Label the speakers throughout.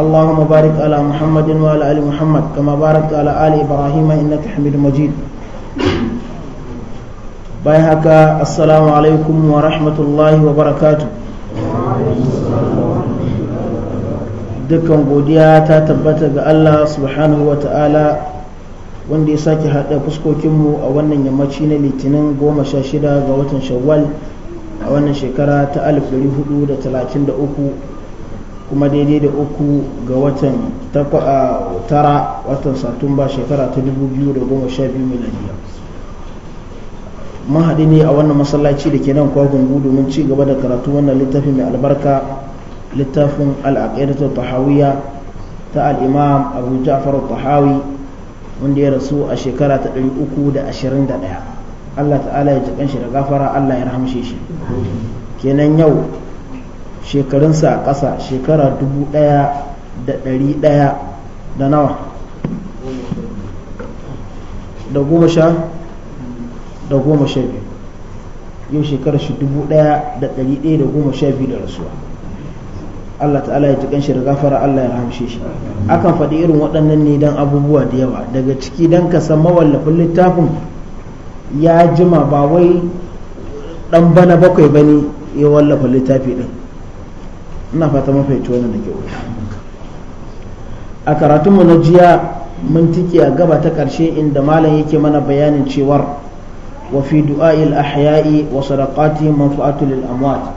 Speaker 1: اللهم بارك على محمد وعلى ال محمد كما باركت على ال ابراهيم انك حميد مجيد باي هكا السلام عليكم ورحمه الله وبركاته dukkan godiya ta tabbata ga Allah subhanahu wa ta'ala wanda ya sake haɗa fuskokinmu a wannan yammaci na litinin goma sha shida ga watan shawwal a wannan shekara ta 1433 kuma daidai da uku ga watan tara watan satumba shekara ta 2012 miladiya mahadi haɗu ne a wannan masallaci da ke nan gudu domin ci gaba da karatu wannan littafin mai albarka littafin al'aƙaidatar tahawiyya ta al'imam abu ja'far tahawi wanda ya rasu a shekara ta 321 Allah ta'ala ya ji shi da gafara Allah ya rahamshe shi kenan yau shekarunsa a ƙasa shekara dubu ɗaya da ɗari ɗaya da nawa da goma sha da goma sha biyu yau shekarar shi dubu ɗaya da ɗari ɗaya da goma sha biyu da rasuwa Allah ta'ala ya tukan shi da gafara Allah ya rahamshe shi akan faɗi irin waɗannan ne don abubuwa da yawa daga ciki don ka san mawallafin littafin ya jima ba wai ɗan bana bakwai bane ya wallafa littafi ɗin ina fata mafi wannan da a karatunmu na jiya mun tiki a gaba ta ƙarshe inda malam yake mana bayanin cewar wa fi du'a'il ahya'i wa sadaqati manfa'atu lil amwat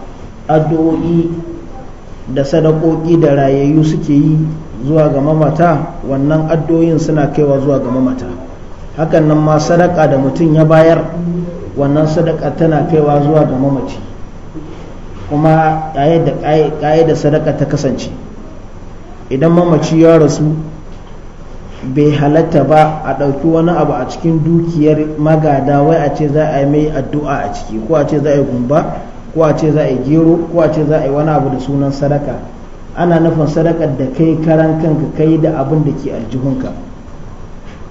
Speaker 1: addu'o'i da sadakoki da rayayyu suke yi zuwa ga mamata wannan addu'o'in suna kaiwa zuwa ga mamata hakan nan ma sadaka da mutum ya bayar wannan sadaka tana kaiwa zuwa ga mamaci kuma ƙaye da sadaka ta kasance idan mamaci ya rasu bai halatta ba a ɗauki wani abu a cikin dukiyar magada wai a ce za a yi mai addu'a a ciki ko a ce za a yi gumba ko a ce za a yi gero ko a ce za a yi wani abu da sunan sadaka ana nufin sadakar da kai karan kanka kai da abin da ke aljihunka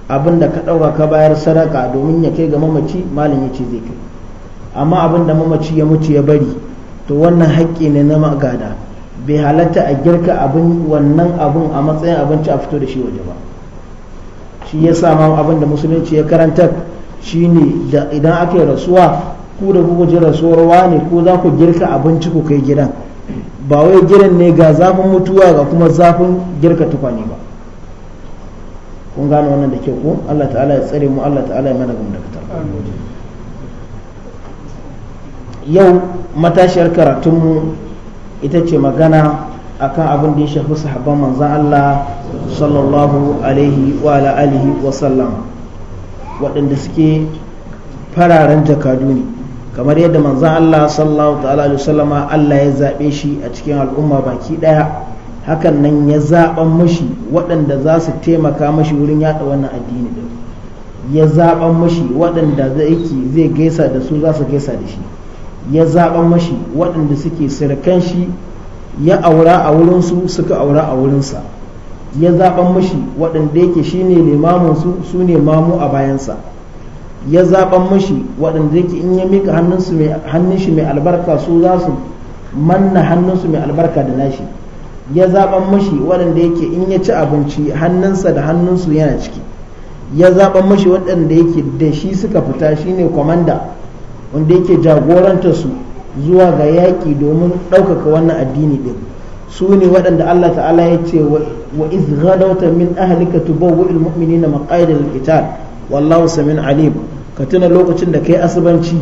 Speaker 1: abin da ka ɗauka ka bayar sadaka domin ya kai ga mamaci malin ya ce zai kai amma abin da mamaci ya mutu ya bari to wannan haƙƙi ne na magada bai halatta a girka abin wannan abin a matsayin abinci a fito da shi waje ba shi ya sa ma abin da musulunci ya karanta shi ne idan aka yi rasuwa ku da kuka ji rasuwar ne ko za ku girka abinci ku kai gidan ba wai gidan ne ga zafin mutuwa ga kuma zafin girka tukwane ba kun gane wannan da ke ku Allah ta'ala ya tsare mu Allah ta'ala ya mana gumda yau matashiyar karatunmu ita ce magana a kan abin da ya shafi sahabban manzan Allah sallallahu alaihi wa alihi wa waɗanda suke fararen jakadu ne kamar yadda manzan Allah sallallahu alaihi sallama Allah ya zaɓe shi a cikin al'umma baki ɗaya hakan nan ya zaɓan mashi waɗanda za su taimaka mashi wurin yaɗa wannan addini ya zaɓan mashi waɗanda zai gaisa da su za su gaisa da shi ya zaɓa mashi waɗanda suke sirkan shi ya aura a wurinsu suka aura a wurinsa ya zaɓan mashi waɗanda yake shi ne limaminsu su ne mamu a bayansa ya zaɓan mashi waɗanda yake in ya mika hannun shi mai albarka su za su manna hannunsu mai albarka da nashi ya zaɓan mashi waɗanda yake in ya ci abinci hannunsa da hannunsu yana ciki ya zaɓan mashi waɗanda yake da shi suka fita shi ne kwamanda wanda yake jagoranta su zuwa ga yaƙi domin ɗaukaka wannan addini ɗin su ne waɗanda Allah ta'ala ya ce wa iz ghadawta min ahlika tubawwi'ul mu'minina maqaidal qital wallahu samin alim ka tuna lokacin da kai asubanci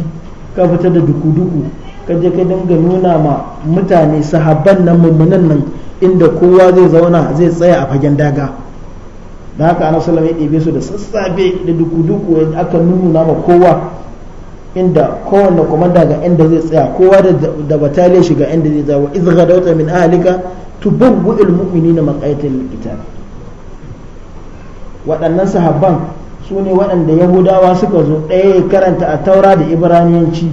Speaker 1: ka fita da duku-duku ka je ka dinga nuna ma mutane sahabban nan mummunan nan inda kowa zai zauna zai tsaya a fagen daga da haka ana ya ɗebe su da sassafe da duku-duku aka nuna ma kowa inda kowanne komanda ga inda zai tsaya kowa da bataliya shiga inda zai zawo iz ghadawta min ahlika tubawwu almu'minina maqaitil qital waɗannan sahabban su ne waɗanda yahudawa suka zo ɗaya ya karanta a taura da ibraniyanci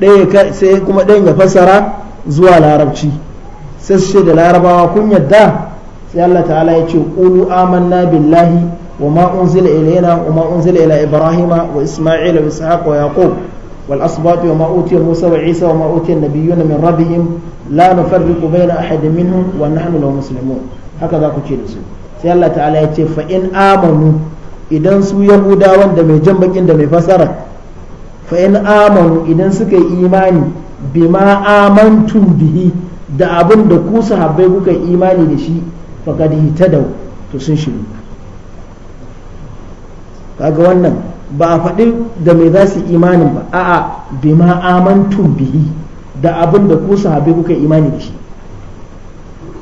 Speaker 1: ɗaya sai kuma ɗayan ya fassara zuwa larabci sai su ce da larabawa kun yadda sai Allah ta'ala ya ce qulu amanna billahi wa ma unzila ilayna wa ma unzila ila ibrahima wa isma'ila wa ishaqa wa yaqub والأصباط وما أوتي موسى وعيسى وما أوتي النبيون من ربهم لا نفرق بين أحد منهم ونحن له مسلمون هكذا كتير sai Allah ta'ala ya ce fa'in amanu idan su yahudawan da mai jan bakin da mai fasara fa'in amanu idan suka yi imani bima amantum bihi da abin da ku sahabbai kuka yi imani da shi faqad hitadaw to sun shiru kaga wannan ba a faɗi da mai za su imanin ba a'a ma amantun bihi da abin da ku sahabi kuka imani da shi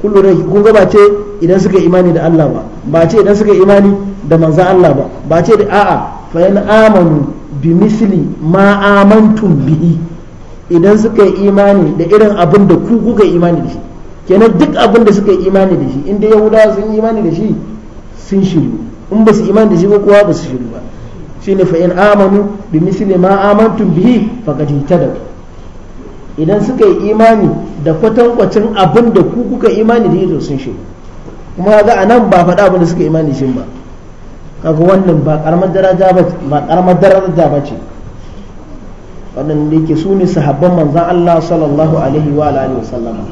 Speaker 1: kullum rai kun ga ba ce idan suka imani da Allah ba ba ce idan suka imani da manzan Allah ba ba ce da a'a fa in amanu bi misli ma amantun bihi idan suka yi imani da irin abin da ku kuka imani da shi kenan duk abin da suka yi imani da shi inda yahudawa sun yi imani da shi sun shiru in ba su imani da shi ko kowa ba su shiru ba shine fa in amanu bi misli ma amantum bihi faqad ihtadaw idan suka yi imani da kwatankwacin abin da ku kuka imani da yadda sun shi kuma ga anan ba faɗa abin da suka imani shin ba kaga wannan ba karamar daraja ba ba karamar daraja ba ce waɗanda yake su ne sahabban manzan Allah sallallahu alaihi wa alihi wa sallama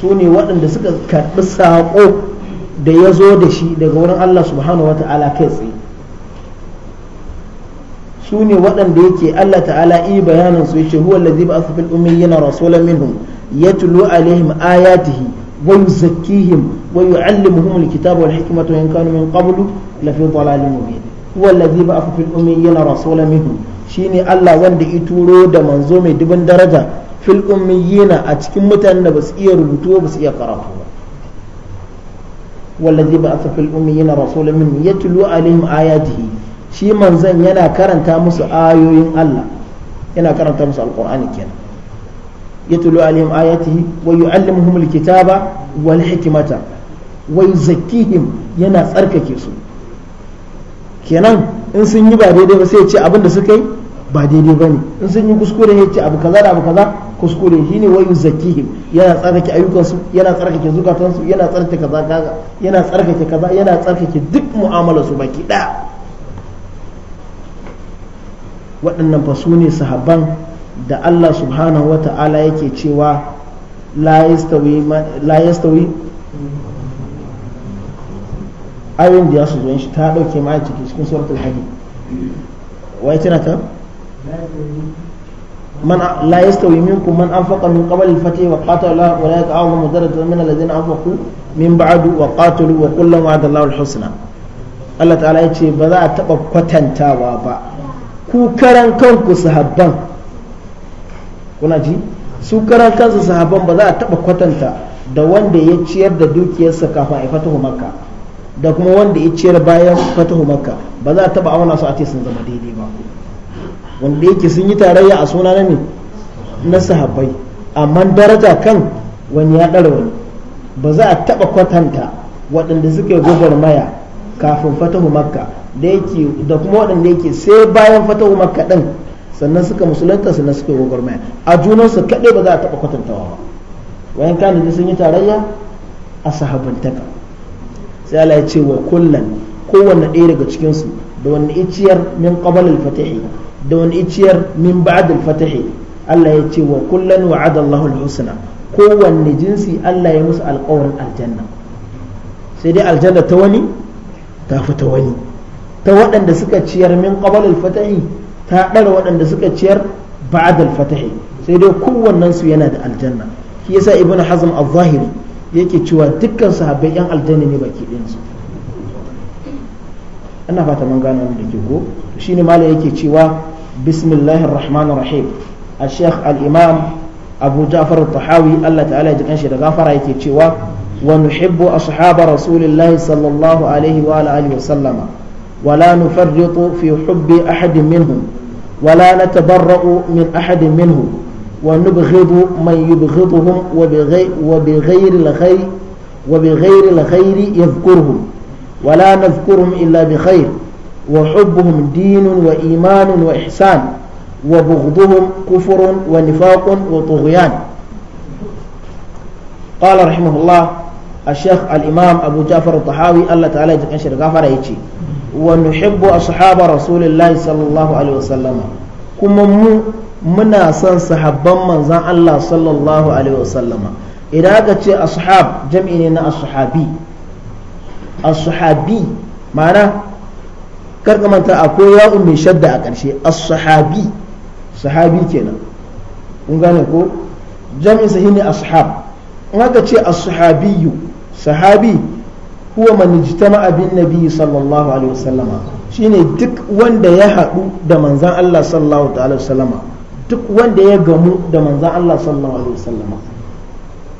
Speaker 1: su ne waɗanda suka karɓi saƙo da ya zo da shi daga wurin Allah subhanahu kai tsaye su ne waɗanda yake Allah ta'ala yi bayanin su yace huwa allazi ba'atha fil ummiyina rasulan minhum yatlu alaihim ayatihi wa yuzakkihim wa yu'allimuhum alkitaba wal hikmata in kanu min qablu la fi dhalalin mubin huwa allazi ba'atha fil ummiyina rasulan minhum ne Allah wanda ya turo da manzo mai dubin daraja fil ummiyina a cikin mutanen da ba su iya rubutu ba su iya karatu ba والذي بعث في الأميين رسولا منهم يتلو عليهم آياته shi manzan yana karanta musu ayoyin Allah yana karanta musu alkur'ani kenan yatlu alaihim ayatihi wa yuallimuhum alkitaba wal hikmata wa yuzakkihim yana tsarkake su kenan in sun yi ba daidai ba sai ya ce abin da suka yi ba daidai ba ne in sun yi kuskure ya ce abu kaza da abu kaza kuskure shi ne wa zakihim yana tsarkake ayyukansu yana tsarkake zukatansu yana tsarkake kaza yana tsarkake kaza yana tsarkake duk mu'amalarsu su baki daya waɗannan fa su ne sahabban da Allah subhanahu wa ta'ala yake cewa la yastawi ayoyin da ya su zuwan shi ta ɗauke ma ciki cikin suratul hajji wai tana ta من لا يستوي منكم من أنفق من قبل الفتح وقاتل أولئك أعظم درجة min الذين أنفقوا من بعد وقاتلوا وكلا وعد الله الحسنى Allah ta'ala yace ce ba za a taɓa kwatantawa ba ku karan kanku sahabban kuna ji su karan kansu sahabban ba za a taba kwatanta da wanda ya ciyar da dukiyarsa kafin a fatahu makka da kuma wanda ya ciyar bayan fatahu makka ba za a taba auna su a ce sun zama daidai ba wanda yake sun yi tarayya a suna ne na sahabbai amma daraja kan wani ya ɗara wani ba za a taba kwatanta waɗanda suka yi maya kafin fatahu makka da da kuma waɗanda yake sai bayan fatahu makka din sannan suka musulunta sannan suka gwagwarmaya a junansu kaɗai ba za a taɓa kwatantawa ba wayan kan da sun yi tarayya a sahabantaka sai Allah ya ce wa kullan kowanne ɗaya daga cikinsu da wani iciyar min qabal fatahi da wani iciyar min ba'd fatahi Allah ya ce wa kullan wa'ada Allahu al-husna kowanne jinsi Allah ya musu alƙawarin aljanna sai dai aljanna ta wani ta fi ta wani ta waɗanda suka ciyar min qabl al-fatahi ta ɗara waɗanda suka ciyar ba'd al-fatahi sai dai kowannen su yana da aljanna shi yasa ibn hazm al-zahiri yake cewa dukkan sahabbai yan aljanna ne baki ɗin su ana fata mun gano da ke ko shine malam yake cewa bismillahir rahmanir rahim al-sheikh al-imam abu ja'far al-tahawi Allah ta'ala ya jikan shi da gafara yake cewa wa nuhibbu ashab rasulillahi sallallahu alaihi wa alihi wa sallama ولا نفرط في حب أحد منهم ولا نتبرأ من أحد منهم ونبغض من يبغضهم وبغير, وبغير الخير وبغير الخير يذكرهم ولا نذكرهم إلا بخير وحبهم دين وإيمان وإحسان وبغضهم كفر ونفاق وطغيان قال رحمه الله الشيخ الإمام أبو جعفر الطحاوي الله تعالى يتكنشر غفر يتي ونحب أصحاب رسول الله صلى الله عليه وسلم كما منا سن صحابا من زان الله صلى الله عليه وسلم إذا قلت أصحاب جمعنا الصحابي الصحابي معنى karka manta akwai ya'un mai shadda a ƙarshe as-sahabi sahabi kenan kun gane ko jami'in sahi ne ashab in aka ce as-sahabiyyu sahabi huwa man ijtama'a bin nabi sallallahu alaihi wasallam shine duk wanda ya haɗu da manzan Allah sallallahu alaihi wasallam duk wanda ya gamu da manzan Allah sallallahu alaihi wasallam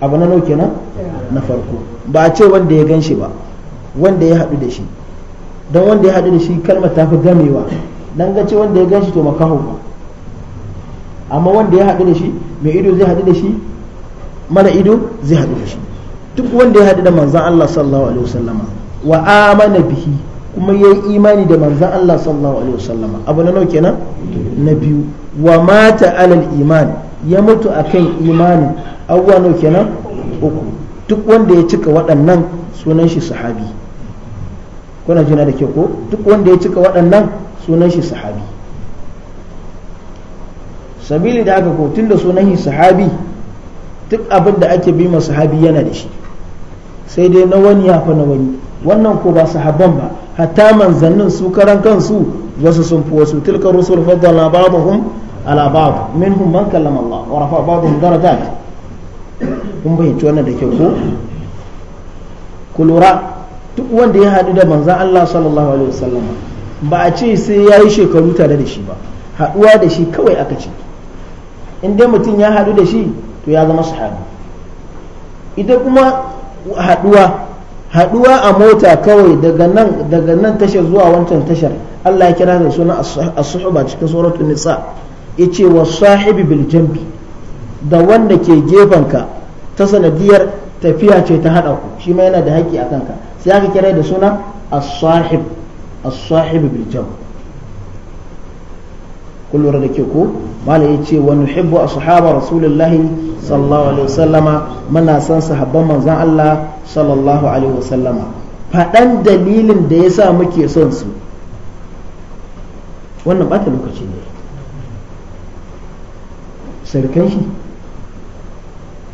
Speaker 1: abu na nauke na na farko ba a ce wanda ya ganshi ba wanda ya haɗu da shi don wanda ya haɗu da shi kalma ta fi gamewa dan ga ce wanda ya ganshi to makaho ba amma wanda ya haɗu da shi mai ido zai haɗu da shi mana ido zai haɗu da shi duk wanda ya haɗu da manzan Allah sallallahu alaihi wasallama wa amana bihi kuma ya yi imani da manzan Allah sallallahu alaihi wasallama abu na nau kenan na biyu wa mata alal iman ya mutu akan imani abuwa nau kenan uku duk wanda ya cika waɗannan sunan shi sahabi kuna jina da ke ko duk wanda ya cika waɗannan sunan shi sahabi sabili da aka ko tunda da sunan shi sahabi duk abin da ake bi sahabi yana da shi sai dai na wani ya fa na wani wannan ko ba sahabban ba hatta manzannin su karan kansu wasu sun fi wasu tilka rusul faddala ba'dhum ala ba'd minhum man kallama Allah wa rafa ba'dhum darajat kun ci wannan da ke ko ku lura duk wanda ya haɗu da manzan Allah sallallahu alaihi wasallam ba a ce sai ya yi shekaru tare da shi ba haɗuwa da shi kawai aka ce in dai mutum ya haɗu da shi to ya zama sahabi ita kuma haduwa haduwa a mota kawai daga nan daga nan tashar zuwa wancan tashar Allah ya kira da suna as-suhba cikin suratul nisa yace wa sahibi bil jambi da wanda ke ka ta sanadiyar tafiya ce ta hada ku shi ma yana da haƙi a kanka sai aka kira da suna as-sahib as sahibi bil jambi kun lura da ke ko malam ya ce hibbu a sahaba rasulullahi sallallahu alaihi wasallama muna san sahabban manzan Allah sallallahu alaihi wasallama faɗan dalilin da ya sa muke son su wannan ta lokaci ne sarkan shi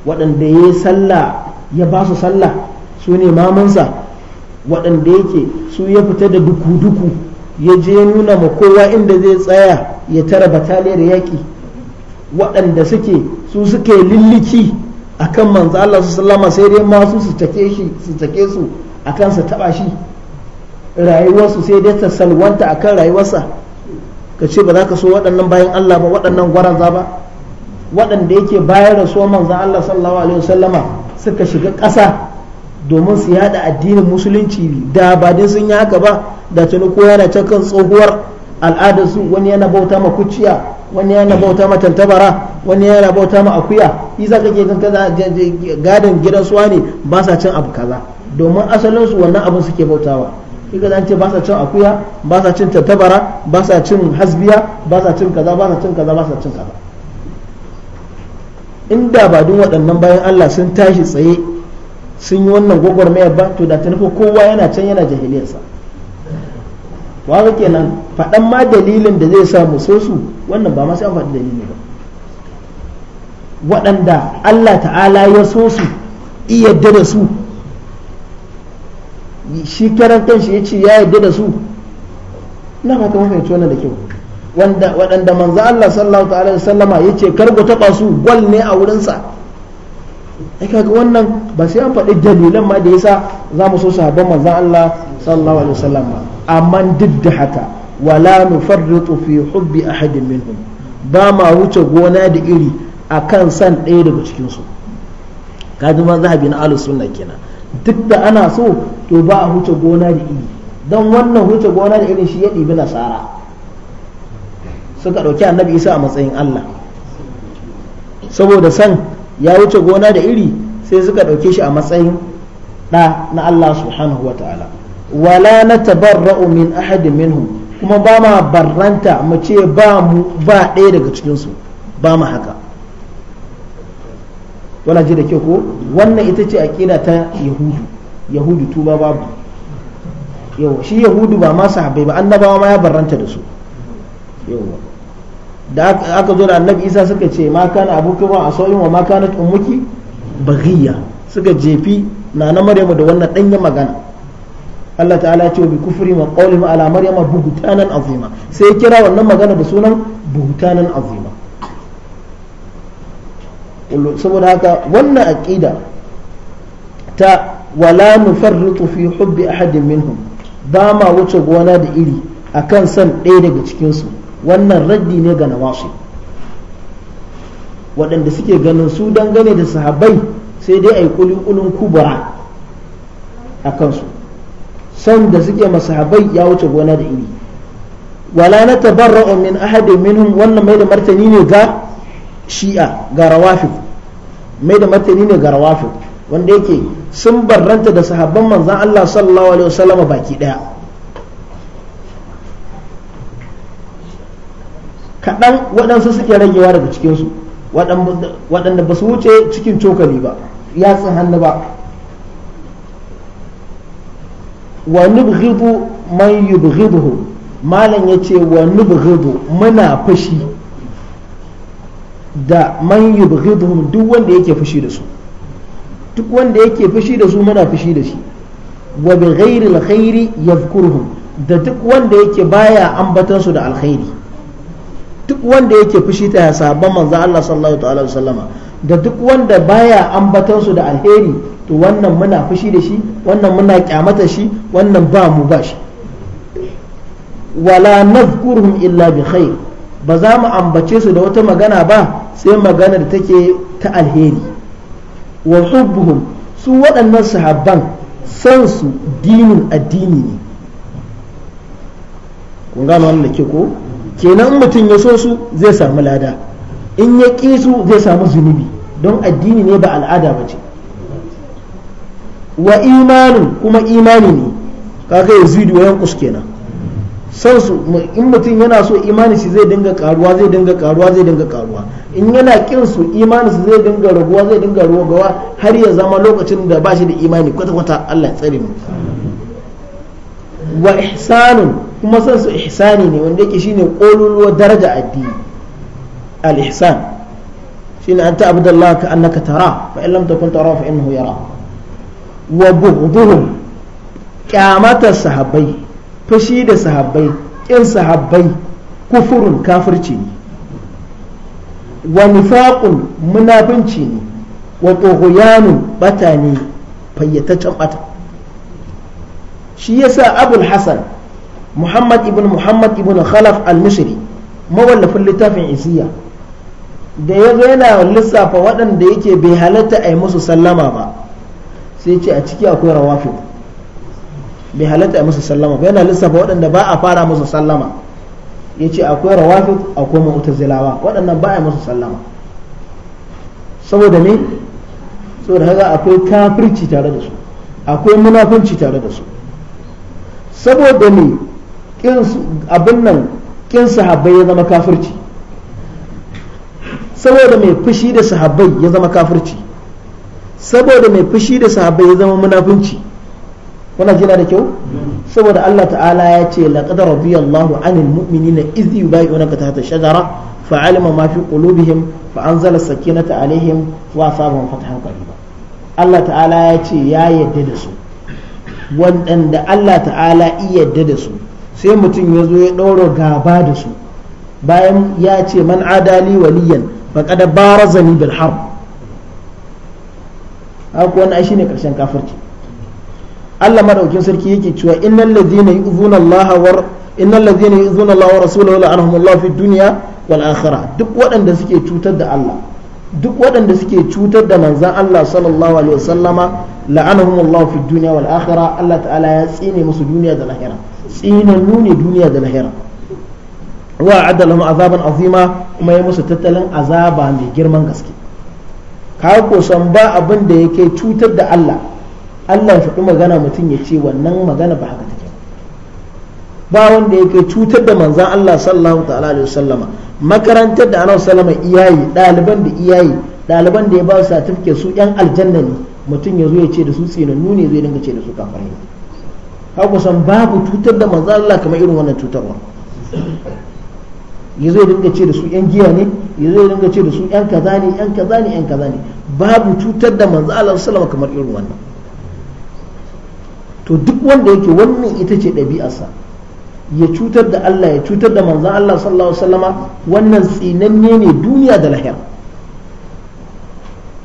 Speaker 1: waɗanda ya yi sallah ya ba su sallah su ne mamansa waɗanda yake su ya fita da duku-duku ya je nuna ma kowa inda zai tsaya ya tara bataliyar yaƙi waɗanda suke su suke lilliki a kan manzo Allah su sallama sai dai masu su take shi su take su a kan su taɓa shi rayuwarsu sai dai ta salwanta a kan rayuwarsa ka ce ba za ka so waɗannan bayan Allah ba waɗannan gwaraza ba waɗanda yake bayan rasuwar manzo Allah sallallahu alaihi wasallama suka shiga ƙasa domin su yada addinin musulunci da ba sun yi haka ba da tuni ko yana ta tsohuwar al'adarsu wani yana bauta ma kuciya wani yana bauta ma tantabara wani yana bauta ma akuya isa kake kan kaza gadon gidan suwa ne ba sa cin abu kaza domin asalin su wannan abin suke bautawa kika zan ce ba sa cin akuya ba sa cin tantabara ba sa cin hasbiya ba sa cin kaza ba sa cin kaza ba sa cin kaza inda ba duk waɗannan bayan Allah sun tashi tsaye sun yi wannan gwagwarmayar ba to da ta nufi kowa yana can yana jahiliyarsa wawa kenan faɗan ma dalilin da zai sa so su wannan ba ma sai an faɗi dalili ba waɗanda Allah ta'ala ya so su iya yadda da su shi karan kanshi ya ce ya yadda da su na haka mafi fahimci da kyau waɗanda manzo Allah sallallahu ta'ala da sallama ya ce kar ku taɓa su gwal ne a wurinsa ai kaga wannan ba sai an faɗi dalilan ma da yasa za mu so haɓar manzon Allah sallallahu ta'ala da ba amma duk da haka wala nufarritu fi hubbi ahadin minhum ba ma wuce gona da iri akan san ɗaya daga cikin su kaji ma zahabi na alu sunna kenan duk da ana so to ba a wuce gona da iri dan wannan wuce gona da iri shi ya ɗibi nasara suka ɗauki annabi isa a matsayin allah saboda san ya wuce gona da iri sai suka ɗauke shi a matsayin ɗa na allah subhanahu wa wala na tabarra'u min ahadin minhum kuma ba ma barranta mu ce ba mu ba ɗaya daga cikinsu ba mu haka wala ji da ke ko wannan ita ce aƙida ta yahudu yahudu tuba babu yawa shi yahudu ba ma sahabbai ba annabawa ma ya barranta da su yawa da aka zo da annabi isa suka ce ma kana ba a sauyin wa ma kanat muki bagiya suka jefi na na maryamu da wannan ɗanyen magana Allah ta'ala ya ce bi kufri wa ma ala maryama buhtanan azima sai kira wannan magana da sunan buhtanan azima saboda haka wannan aqida ta wala nufarritu fi hubbi ahadin minhum ba ma wuce gona da iri akan san ɗaya daga cikin su wannan raddi ne ga nawasu waɗanda suke ganin su dangane da sahabbai sai dai a yi kulikulin akan a kansu san da suke masahabai ya wuce gona da iri wala na tabarra'u min ahadin minhum wannan mai da martani ne ga shi'a ga rawafid mai da martani ne ga rawafid wanda yake sun barranta da sahabban manzan Allah sallallahu alaihi wasallam baki daya kaɗan waɗansu suke ragewa daga cikinsu waɗanda ba su wuce cikin cokali ba ya tsin hannu ba wa nubghidu man yubghiduhu malam yace wa nubghidu muna fushi da man yubghiduhum duk wanda yake fushi da su duk wanda yake fushi da su muna fushi da shi wa bi ghairi alkhairi yadhkuruhum da duk wanda yake baya ambatan su da alkhairi duk wanda yake fushi ta ya sahabban manzo Allah sallallahu ta'ala wasallama da duk wanda baya ambatan su da alheri to wannan muna fushi da shi wannan muna kyamata shi wannan ba mu ba shi wala nazkuruhum illa bi khair ba za mu ambace su da wata magana ba sai magana da take ta alheri wa hubbuhum su waɗannan sahabban san su dinin addini ne kun gano wannan ke ko kenan mutum ya so su zai samu lada in ya ƙi su zai samu zunubi don addini ne ba al'ada ba ce wa imanin kuma imani ne kaga ya zidi wa yankus kenan san su in mutum yana so imani shi zai dinga karuwa zai dinga karuwa zai dinga karuwa in yana kin su imani su zai dinga raguwa zai dinga raguwa har ya zama lokacin da ba shi da imani kwata kwata Allah ya tsare mu wa ihsanun kuma san su ihsani ne wanda yake shine kololuwar daraja addini al ihsan shine anta abdallah ka annaka tara fa in takun tara fa innahu yara wa bughduhum kyamatar sahabbai fushi da sahabbai ƙin sahabbai kufurun kafirci ne wa nifaqun munafinci ne wa tughyanun bata ne fayyataccen bata shi yasa abul hasan muhammad ibn muhammad ibn khalaf al-misri mawallafin littafin isiya da ya zo yana lissafa waɗanda yake bai halatta a yi musu sallama ba sai ce a ciki akwai rawafi bai halatta a musu sallama ba yana lissafa waɗanda ba a fara musu sallama ya ce akwai rawafi akwai zilawa waɗannan ba a musu sallama saboda me saboda haka akwai kafirci tare da su akwai munafunci tare da su saboda me abin nan kin sahabbai ya zama kafirci saboda mai fushi da sahabbai ya zama kafirci saboda mai fushi da sahabbai ya zama munafunci wannan jina da kyau saboda Allah ta'ala ya ce laqad radiyallahu anil mu'minina idh yubayyi'unaka tahta shajara fa'alima ma fi qulubihim fa anzala sakinata alaihim wa asabahum fathan qariba Allah ta'ala ya ce ya yadda da su waɗanda Allah ta'ala iya yadda da su sai mutum ya zo ya ɗaura gaba da su bayan ya ce man adali waliyan faqad barazani bil harb haka wannan shine karshen kafirci Allah madaukin sarki yake cewa innal ladhina yu'zuna Allah wa innal ladhina yu'zuna Allah wa rasulahu la'anahum Allah fi dunya wal akhirah duk waɗanda suke cutar da Allah duk waɗanda suke cutar da manzan Allah sallallahu alaihi wasallama la'anahum Allah fi dunya wal akhirah Allah ta'ala ya tsine musu duniya da lahira tsine nuni duniya da lahira wa adalahum azaban azima kuma ya musu tattalin azaba mai girman gaske ka ko san ba abin da yake cutar da Allah Allah ya faɗi magana mutum ya ce wannan magana ba haka take ba wanda yake cutar da manzan Allah sallallahu ta'ala alaihi wasallama makarantar da anan sallama iyayi ɗaliban da iyayi ɗaliban da ya ba su satifike su yan aljanna ne mutum ya zo ya ce da su tsinannu ne zai dinga ce da su kafirai ne ka kusan babu cutar da manzan Allah kamar irin wannan cutarwa ya zo ya dinga ce da su yan giya ne ya zai dinga ce da su yan kaza ne yan kaza ne yan kaza ne babu cutar da manzo Allah sallama kamar irin wannan to duk wanda yake wannan ita ce ɗabi'arsa ya cutar da Allah ya cutar da manzo Allah sallallahu alaihi wasallama wannan tsinanne ne duniya da lahira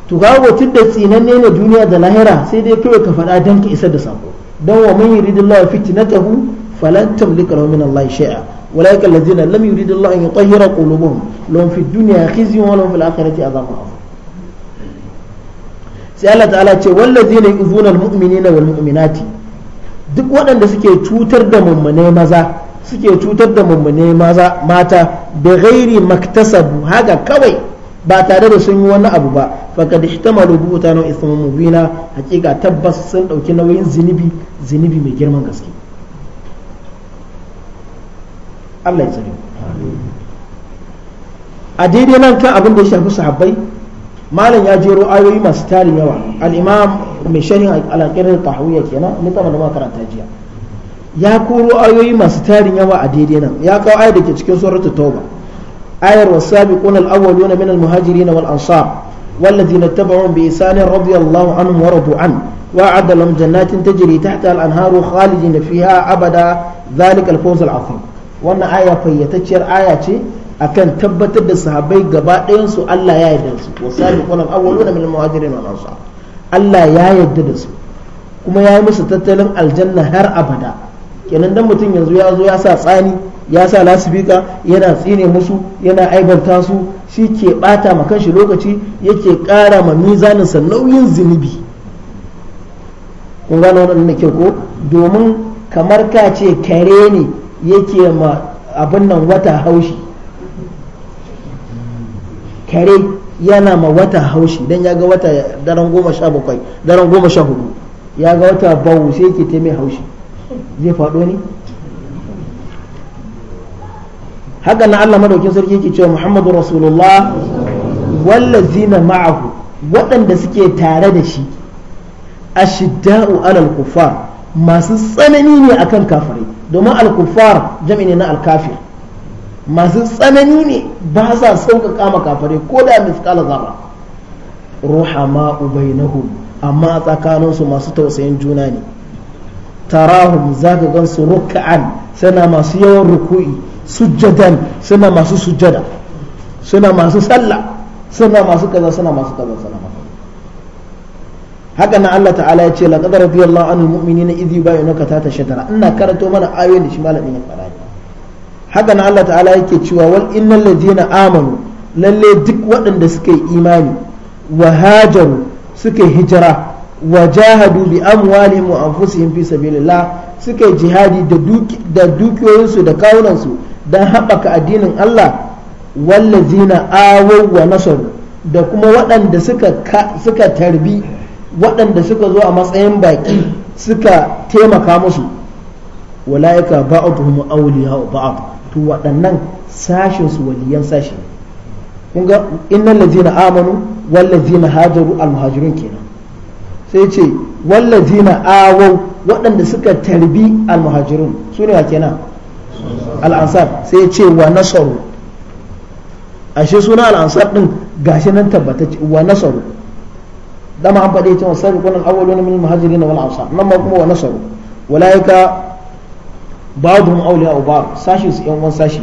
Speaker 1: to ga wutun da tsinanne ne duniya da lahira sai dai kawai ka faɗa dan ka isar da sako dan wa man yuridillahu fitnatahu falan tamlika lahu min Allah shay'a ulaika alladhina lam yuridillahu an yutahhira qulubuhum lahum fi dunya khizyun wa lahum fil akhirati azabun azim sai Allah ta'ala ce wallazina yu'zuna al-mu'minina wal duk waɗanda suke cutar da mummune maza suke cutar da mummune maza mata da gairi maktasabu haka kawai ba tare da sun yi wani abu ba da faqad ihtamalu buhtanan ismun mubina hakika tabbas sun ɗauki nauyin zinubi zinubi mai girman gaske Allah ya tsare a daidai nan kan abin da ya shafi sahabbai malam ya jero ayoyi masu tarin yawa al'imam mai sharhin alaƙirar tahawiyya kenan na taɓa da makaranta jiya ya koro ayoyi masu tarin yawa a daidai nan ya kawo ayar da ke cikin suratu tauba ayar wa sabi ƙunar awwalu na minal muhajiri na wal ansar wallazi na taɓa wa bai sani radiyallahu an waradu an wa adalam jannatin ta jiri ta ta al'anharu khalidi na fiya abada zalikal fawzul azim wannan aya fayyatacciyar aya ce akan tabbatar da sahabbai gaba ɗayan su Allah ya yarda su wa sabiqun awwaluna min al-muhajirin wal ansar Allah ya yarda da su kuma ya yi musu tattalin aljanna har abada kenan dan mutum yanzu ya zo ya sa tsani ya sa lasifika yana tsine musu yana aibanta su shi ke bata ma kanshi lokaci yake kara ma sa nauyin zunubi kun gano wannan da ke ko domin kamar ka ce kare ne yake ma abin nan wata haushi kare yana ma wata haushi dan ya ga wata daren goma sha bakwai daren goma sha hudu ya ga wata bawu sai yake ta mai haushi zai faɗo ne haka na Allah madaukin sarki yake cewa Muhammadu Rasulullah wallazina ma'ahu waɗanda suke tare da shi ashidda'u alal kufar masu tsanani ne akan kafirai domin al jam'i ne na al masu tsanani ne ba sa sauƙaƙa ma kafare ko da mithqal zarra ruhama bainahum amma tsakaninsu masu tausayin juna ne tarahum zaka gansu ruka'an suna masu yawan ruku'i sujjadan suna masu sujjada suna masu sallah suna masu kaza suna masu kaza suna masu haka na Allah ta'ala ya ce laqad radiyallahu anil mu'minina idh yubayyinuka ta tara ina karato mana ayoyin da shi malamin ya fara haka na Allah ta'ala yake cewa wal innal ladina amanu lalle duk waɗanda suka yi imani wa hajaru suka hijira wa jahadu bi amwalihim wa anfusihim fi sabilillah suka jihadi da dukiyoyinsu da kawunansu dan haɓaka addinin Allah wallazina awaw wa nasar da kuma waɗanda suka suka tarbi waɗanda suka zo a matsayin baki suka taimaka musu wala'ika ba'dhum awliya'u ba'd to waɗannan sashen su waliyan sashi kun ga innal ladzina amanu wal ladzina hajaru al muhajirun kenan sai ce wal ladzina awaw waɗanda suka tarbi al muhajirun su ne kenan al'ansar sai ce wa nasaru ashe suna al'ansar ansar din gashi nan tabbatacce wa nasaru dama an faɗe cewa sabiqun al awwaluna min al muhajirin wal ansar nan ma kuma wa nasaru walaika ba'dhum awliya ba'd sashi su yan uwan sashi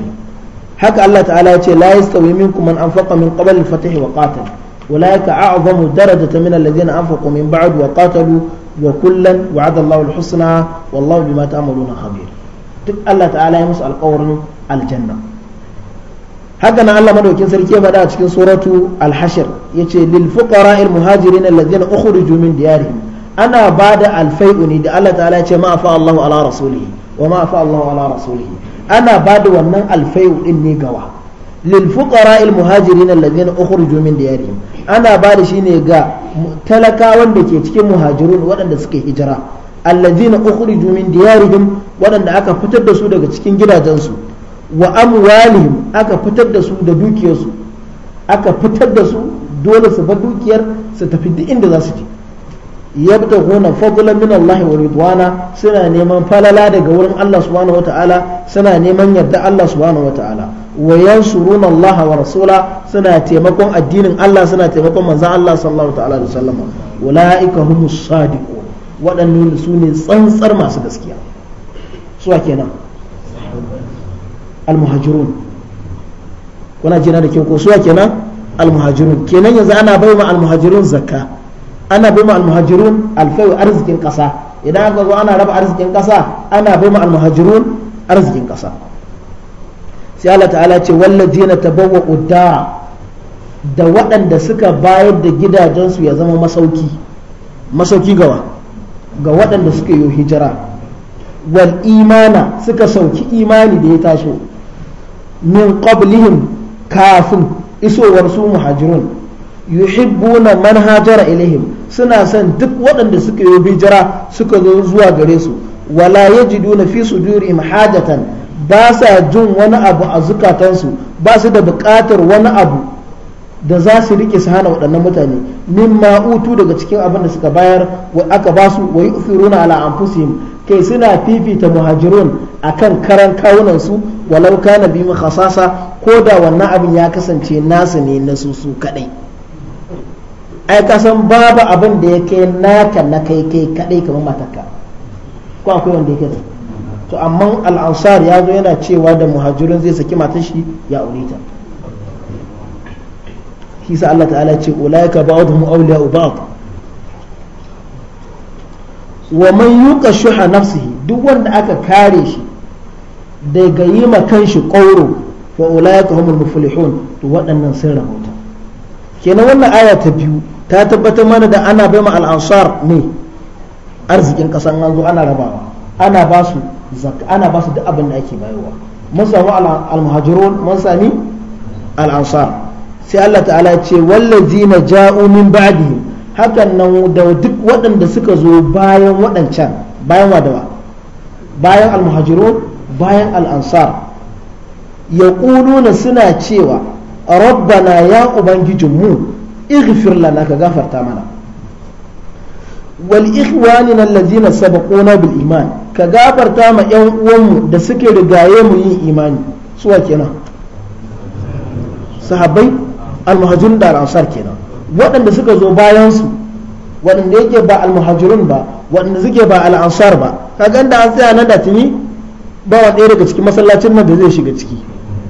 Speaker 1: haka Allah ta'ala ya ce la yastawi minkum man anfaqa min qabl al-fath wa qatal ulaika a'zamu darajatan min alladhina anfaqu min ba'd wa qatalu wa kullan wa'ada Allahu al-husna wallahu bima ta'maluna khabir duk Allah ta'ala ya musu alƙawarin aljanna haka nan Allah madaukin sarki ya faɗa a cikin suratu al-hashr yace lil fuqara al muhajirin alladhina ukhriju min diyarihim ana bada alfai'u ne da Allah ta'ala ya ce ma fa Allahu ala rasulihi wa ma afa Allahu ala ana bada wannan alfayu din ne gawa lil fuqara al muhajirin alladhina ukhriju min diyarihim ana bada shi ne ga talakawan da ke cikin muhajirun waɗanda suke hijira alladhina ukhriju min diyarihim waɗanda aka fitar da su daga cikin gidajensu wa amwalihim aka fitar da su da dukiyarsu aka fitar da su dole su bar dukiyar su tafi duk inda za su je yabtaghuna fadlan min Allah wa ridwana suna neman falala daga wurin Allah subhanahu wataala suna neman yarda Allah subhanahu wataala wa yansuruna Allah wa rasula suna taimakon addinin Allah suna taimakon manzon Allah sallallahu ta'ala alaihi wasallam ulaika waɗannan su ne tsantsar masu gaskiya suwa kenan almuhajirun kuna jina da kyau ko suwa kenan almuhajirun kenan yanzu ana baiwa almuhajirun zakka ana bai ma almuhajirun alfai arzikin kasa idan aka zo ana raba arzikin kasa ana bai ma almuhajirun arzikin kasa sai Allah ta'ala ce wallazina tabawwa'u da da waɗanda suka bayar da gidajensu ya zama masauki masauki gawa ga waɗanda suka yi hijira wal imana suka sauki imani da ya taso min qablihim kafin isowar su muhajirun yuhibbuna man hajara ilaihim suna son duk waɗanda suka yi hijira suka zo zuwa gare su wala duna fi su sudurihim hajatan ba sa jin wani abu a zukatansu ba su da buƙatar wani abu da za su rike su hana waɗannan mutane min ma'utu daga cikin abin da suka bayar wa aka ba su wa ala anfusihim kai suna fifita muhajirun kan karan kawunan su walau kana bi khasasa ko da wannan abin ya kasance nasu ne na su su kadai ai ka san babu abin da ya kai naka na kai kai kadai kamar matarka ko akwai wanda yake to amma al'ansar ya zo yana cewa da muhajirin zai saki matar shi ya aure ta shi sa Allah ta'ala ce ulaika ba'dhum awliya'u ba'd wa man yuqa shuha nafsihi duk wanda aka kare shi daga yi ma kanshi kauro fa ulaika humul muflihun to waɗannan sun rahota kenan wannan aya ta biyu ta tabbatar mana da ana bai ma al'ansar ne arzikin kasan an zo ana rabawa ana ba su zakka ana ba su duk abin da ake bayarwa mun samu al mun sami al'ansar sai Allah ta'ala ya ce wallazina ja'u min ba'dihim hakan nan da duk waɗanda suka zo bayan waɗancan bayan wadawa bayan al-muhajirun bayan al-ansar yaquluna suna cewa rabbana ya ubangijinmu ighfir lana ka gafarta mana wal ikhwanina allazina sabaquna bil iman ka gafarta ma yan uwanmu da suke rigaye mu yin imani suwa kenan sahabbai almuhajirun da ansar kenan waɗanda suka zo bayan su waɗanda yake ba almuhajirun ba waɗanda suke ba al-ansar ba kaga da an tsaya nan da tuni ba wa ɗaya daga cikin masallacin nan da zai shiga ciki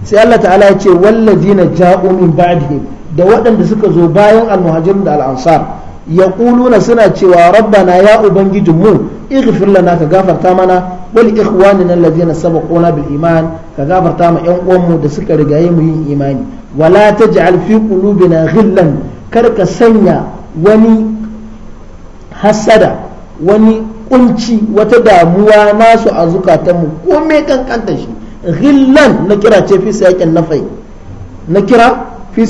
Speaker 1: sai Allah ta'ala ya ce walladina ja'u min ba'dihim da waɗanda suka zo bayan almuhajirin da al'ansar yaƙuluna suna cewa rabbana ya mu ighfir lana ka gafarta mana wal ikhwanina alladhina sabaquna bil iman ka gafarta ma yan uwanmu da suka rigaye mu yin imani wala taj'al fi qulubina ghillan kar ka sanya wani hasada wani kunci wata damuwa nasu a zukatanmu ko me kankanta shi ghillan na kira ce fi siyaqin nafai na kira fi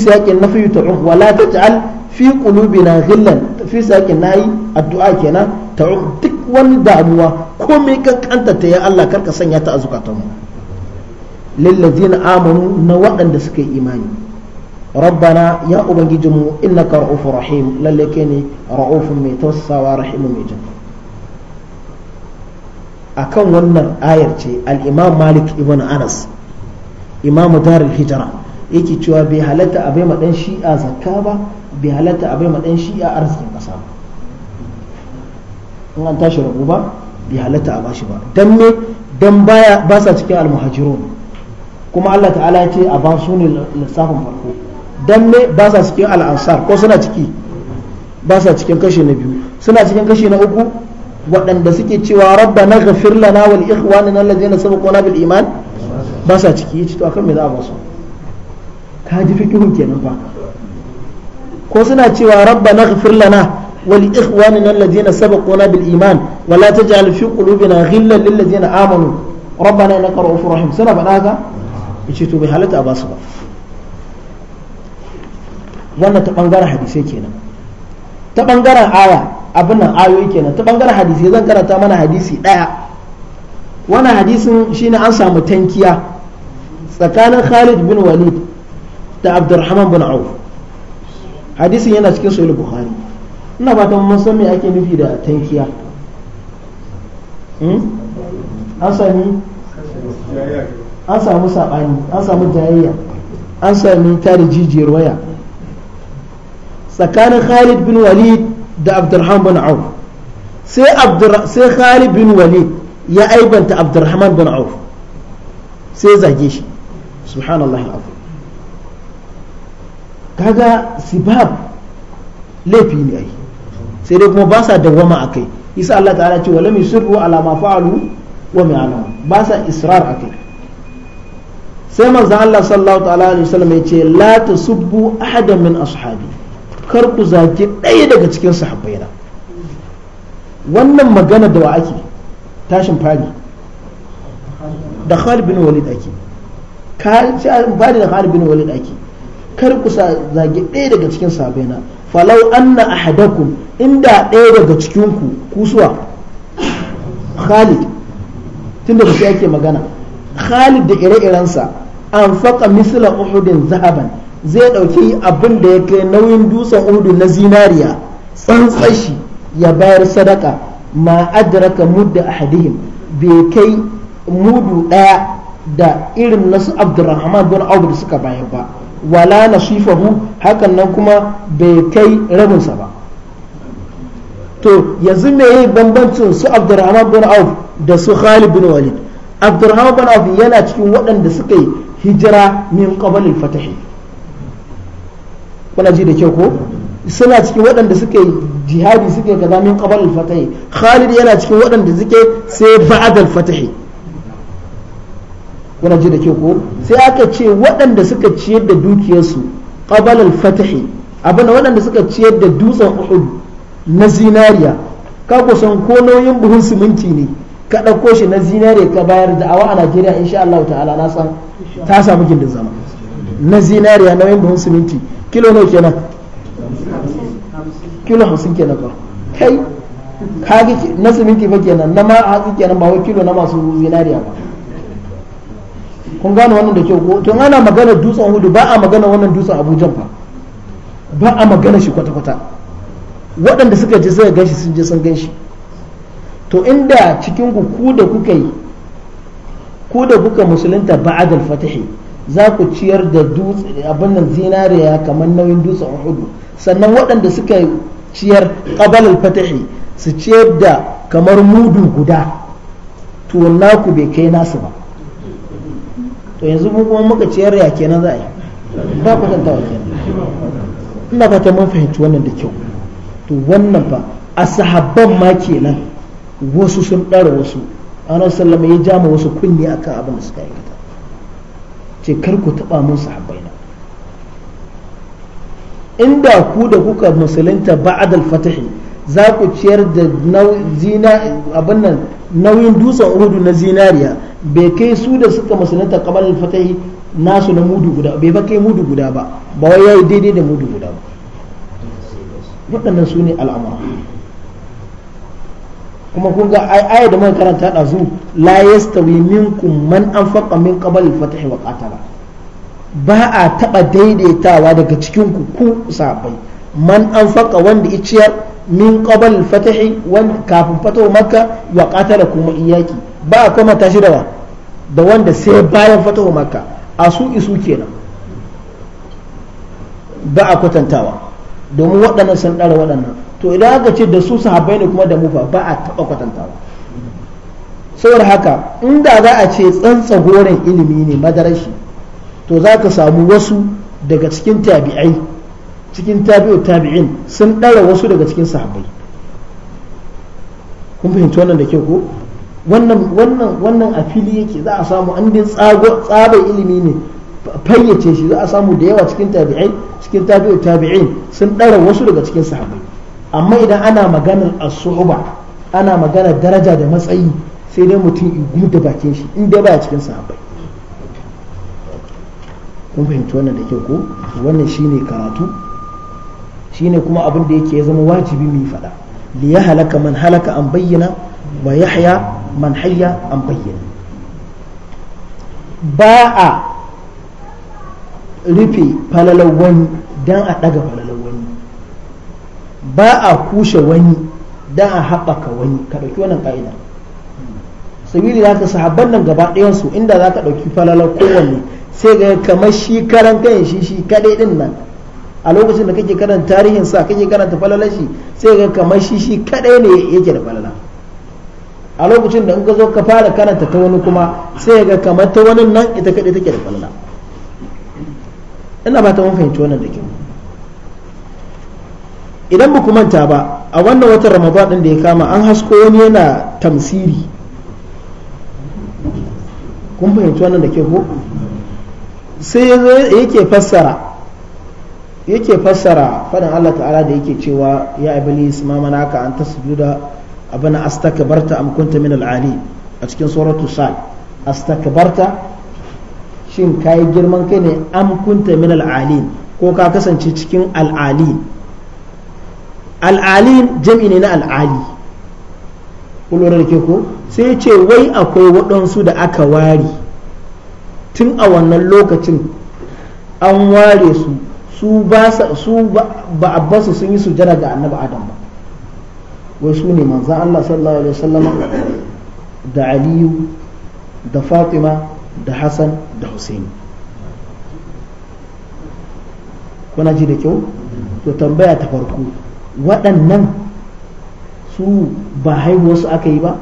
Speaker 1: fi qulubina ghillan fi siyaqin nayi addu'a kenan ta'u duk wani damuwa komai kankanta ta ya Allah karka sanya ta a zukatanmu lillazina amanu na waɗanda suka yi imani ربنا يا أبنجي جمو إنك رؤوف رحيم للكني رؤوف ميتوسا ورحيم ميتوسا akan wannan ayar ce al-imam malik ibn anas imamu darul hijra yake cewa bai halatta a bai maɗan shi'a zakka ba bai halatta a bai maɗan shi'a arzikin kasa in an tashi rabu ba bai halatta a bashi ba dan me dan baya ba sa cikin al-muhajirun kuma Allah ta'ala ya ce a ba su ne lissafin farko dan me ba sa cikin ansar ko suna ciki ba sa cikin kashe na biyu suna cikin kashe na uku waɗanda suke cewa rabba na gafir lana wal ikhwanin allazi na sabu kona bil iman ba sa ciki ya ci to akan me za a basu ka ji fikihun kenan fa ko suna cewa rabba na gafir lana wal ikhwanin allazi na sabu kona bil iman wala taj'al fi qulubina ghillan lil ladzina amanu rabbana innaka ra'ufur rahim suna faɗa haka yace to bai halatta a basu ba wannan ta ɓangaren hadisai kenan ta ɓangaren aya abin nan ayoyi kenan ta bangaren hadisi zan karanta mana hadisi daya wannan hadisin shine an samu tankiya tsakanin Khalid bin Walid da Abdurrahman bin Auf hadisin yana cikin sahih Bukhari ina ta mun san me ake nufi da tankiya hmm? an sami an samu sabani an samu jayayya an sami tare jijiyar waya tsakanin Khalid bin Walid da abdurrahman bin auf sai sai khalid bin walid ya aibanta abdurrahman bin auf sai zage shi subhanallahi alazim kaga sibab laifi ne ai sai dai kuma ba sa dawama dawwama akai isa Allah ta'ala ce walam yusirru ala ma fa'alu wa ma ya'lamu ba sa israr akai sai manzo Allah sallallahu ta'ala alaihi wasallam ya ce la tasubbu ahadan min ashabi kar ku zage ɗaya daga cikin na wannan magana da wa ake tashin fari da Khalid bin Walid ake tashin fari da Khalid bin Walid ake kar ku zage ɗaya daga cikin na falau anna ahadakum inda ɗaya daga cikin ku kusuwa Khalid tunda ba sai ake magana Khalid da ire-irensa an faƙa misla Uhudin zahaban zai ɗauki abin da ya kai nauyin dutsen udu na zinariya tsantsashi ya bayar sadaka ma adraka mudda ahadihim bai kai mudu ɗaya da irin nasu abdurrahman bin abu da suka bayar ba wala nasifahu hakan nan kuma bai kai rabinsa ba to yanzu me yi bambancin su abdurrahman bin auf da su khalid bin walid abdurrahman bin auf yana cikin waɗanda suka yi hijira min qabalil fatahi kuna ji da kyau ko suna cikin waɗanda suke jihadi suke kaza min qabl al-fatih Khalid yana cikin waɗanda suke sai ba'd al-fatih kuna ji da kyau ko sai aka ce waɗanda suka ciyar da dukiyarsu qabl al-fatih abin waɗanda suka ciyar da dutsen Uhud na zinariya ka san ko nauyin buhun siminti ne ka ɗauko shi na zinariya ka bayar da awa a Najeriya insha Allah ta'ala na san ta samu gindin zama na zinariya na buhun siminti kilo nawa kenan kilo hamsin kenan ba kai kage na siminti ba kenan na ma hatsi kenan ba wai kilo na masu zinariya ba kun gane wannan da kyau ko tun ana magana dutsen hudu ba a magana wannan dutsen abuja ba ba a magana shi kwata-kwata waɗanda suka je zai ganshi sun je sun ganshi to inda cikin ku ku da kuka yi ku da kuka musulunta ba'ad al-fatihi za ku ciyar da dutse abin nan zinariya kamar nauyin dutsen hudu sannan waɗanda suka ciyar ƙabalar fatahi su ciyar da kamar mudu guda to naku bai kai nasu ba to yanzu mu kuma muka ciyar ya kenan za a yi ba kwatantawa kenan ina fata mun fahimci wannan da kyau to wannan fa a sahabban ma kenan wasu sun ɗara wasu ana sallama ya jama wasu kunni akan abin da suka aikata ce kar ku taɓa mun sahabbaina inda ku da kuka musulunta ba'ad al-fatihi za ku ciyar da abin nan nauyin dutsen uhudu na zinariya bai kai su da suka musulunta kamar al nasu na mudu guda bai fa kai mudu guda ba ba wai yayi daidai da mudu guda ba waɗannan su ne al'amura kuma kun ga aya da muka karanta da zu la yastawi minkum man anfaqa min qabl al-fath wa qatala ba a taba daidaitawa daga cikin ku ku sabai man anfaqa wanda iciyar min qabl al-fath wanda kafin fatawa makka wa qatala kuma iyaki ba kuma tashi da da wanda sai bayan fatawa makka a su isu kenan ba a kwatantawa domin waɗannan sun ɗara waɗannan to idan aka ce da su sahabbai ne kuma da mu ba a taɓa kwatantawa saboda haka inda za a ce tsantsa ilimi ne madarashi to za ka samu wasu daga cikin tabi'ai cikin tabi'u tabi'in sun ɗara wasu daga cikin sahabbai kun fahimci wannan da ke ko wannan wannan wannan a fili yake za a samu an dai tsabar ilimi ne fayyace shi za a samu da yawa cikin tabi'ai cikin tabi'u tabi'in sun ɗara wasu daga cikin sahabbai amma idan ana maganar asuhuba ana maganar daraja da matsayi sai dai mutum igu da bakin shi inda baya cikin sahabbai kun fahimci wannan da kyau ko wannan shine karatu shine kuma abin da yake ya zama wajibi mai faɗa li ya halaka man halaka an bayyana wa yahya man hayya an bayyana ba a rufe falalar wani dan a ɗaga falalar wani ba a kushe wani don a haɓaka wani ka ɗauki wannan ƙa'idar sabili za ka sahabban nan gaba ɗayansu inda za ka ɗauki falalar kowanne sai ga kamar shi karan kan shi shi kaɗai ɗin nan a lokacin da kake karanta tarihin sa kake karanta falalar shi sai ga kamar shi shi kaɗai ne yake da falala a lokacin da in ka zo ka fara karanta ta wani kuma sai ga kamar ta wani nan ita kaɗai take da falala ina ba ta mun fahimci wannan da kyau idan ba ku manta ba a wannan watan ramadan din da ya kama an hasko wani yana tamsiri kun fahimci wannan da ke ko sai yake fassara yake fassara fadin Allah ta'ala da yake cewa ya iblis ma manaka an tasjuda abana astakbarta am kunta min al-ali a cikin suratu sal astakbarta shin kai girman kai ne am kunta min al-ali ko ka kasance cikin al-ali al'alim jam'i ne na al'ali kullum ke ko sai ce wai akwai waɗansu da aka ware tun a wannan lokacin an ware su su ba a basu sun yi sujada ga annabi adam ba wai su ne manzan Allah sallallahu alaihi wasallam da aliyu da fatima da hassan da husaini kuna ji da kyau to tambaya ta farko waɗannan su ba su aka yi ba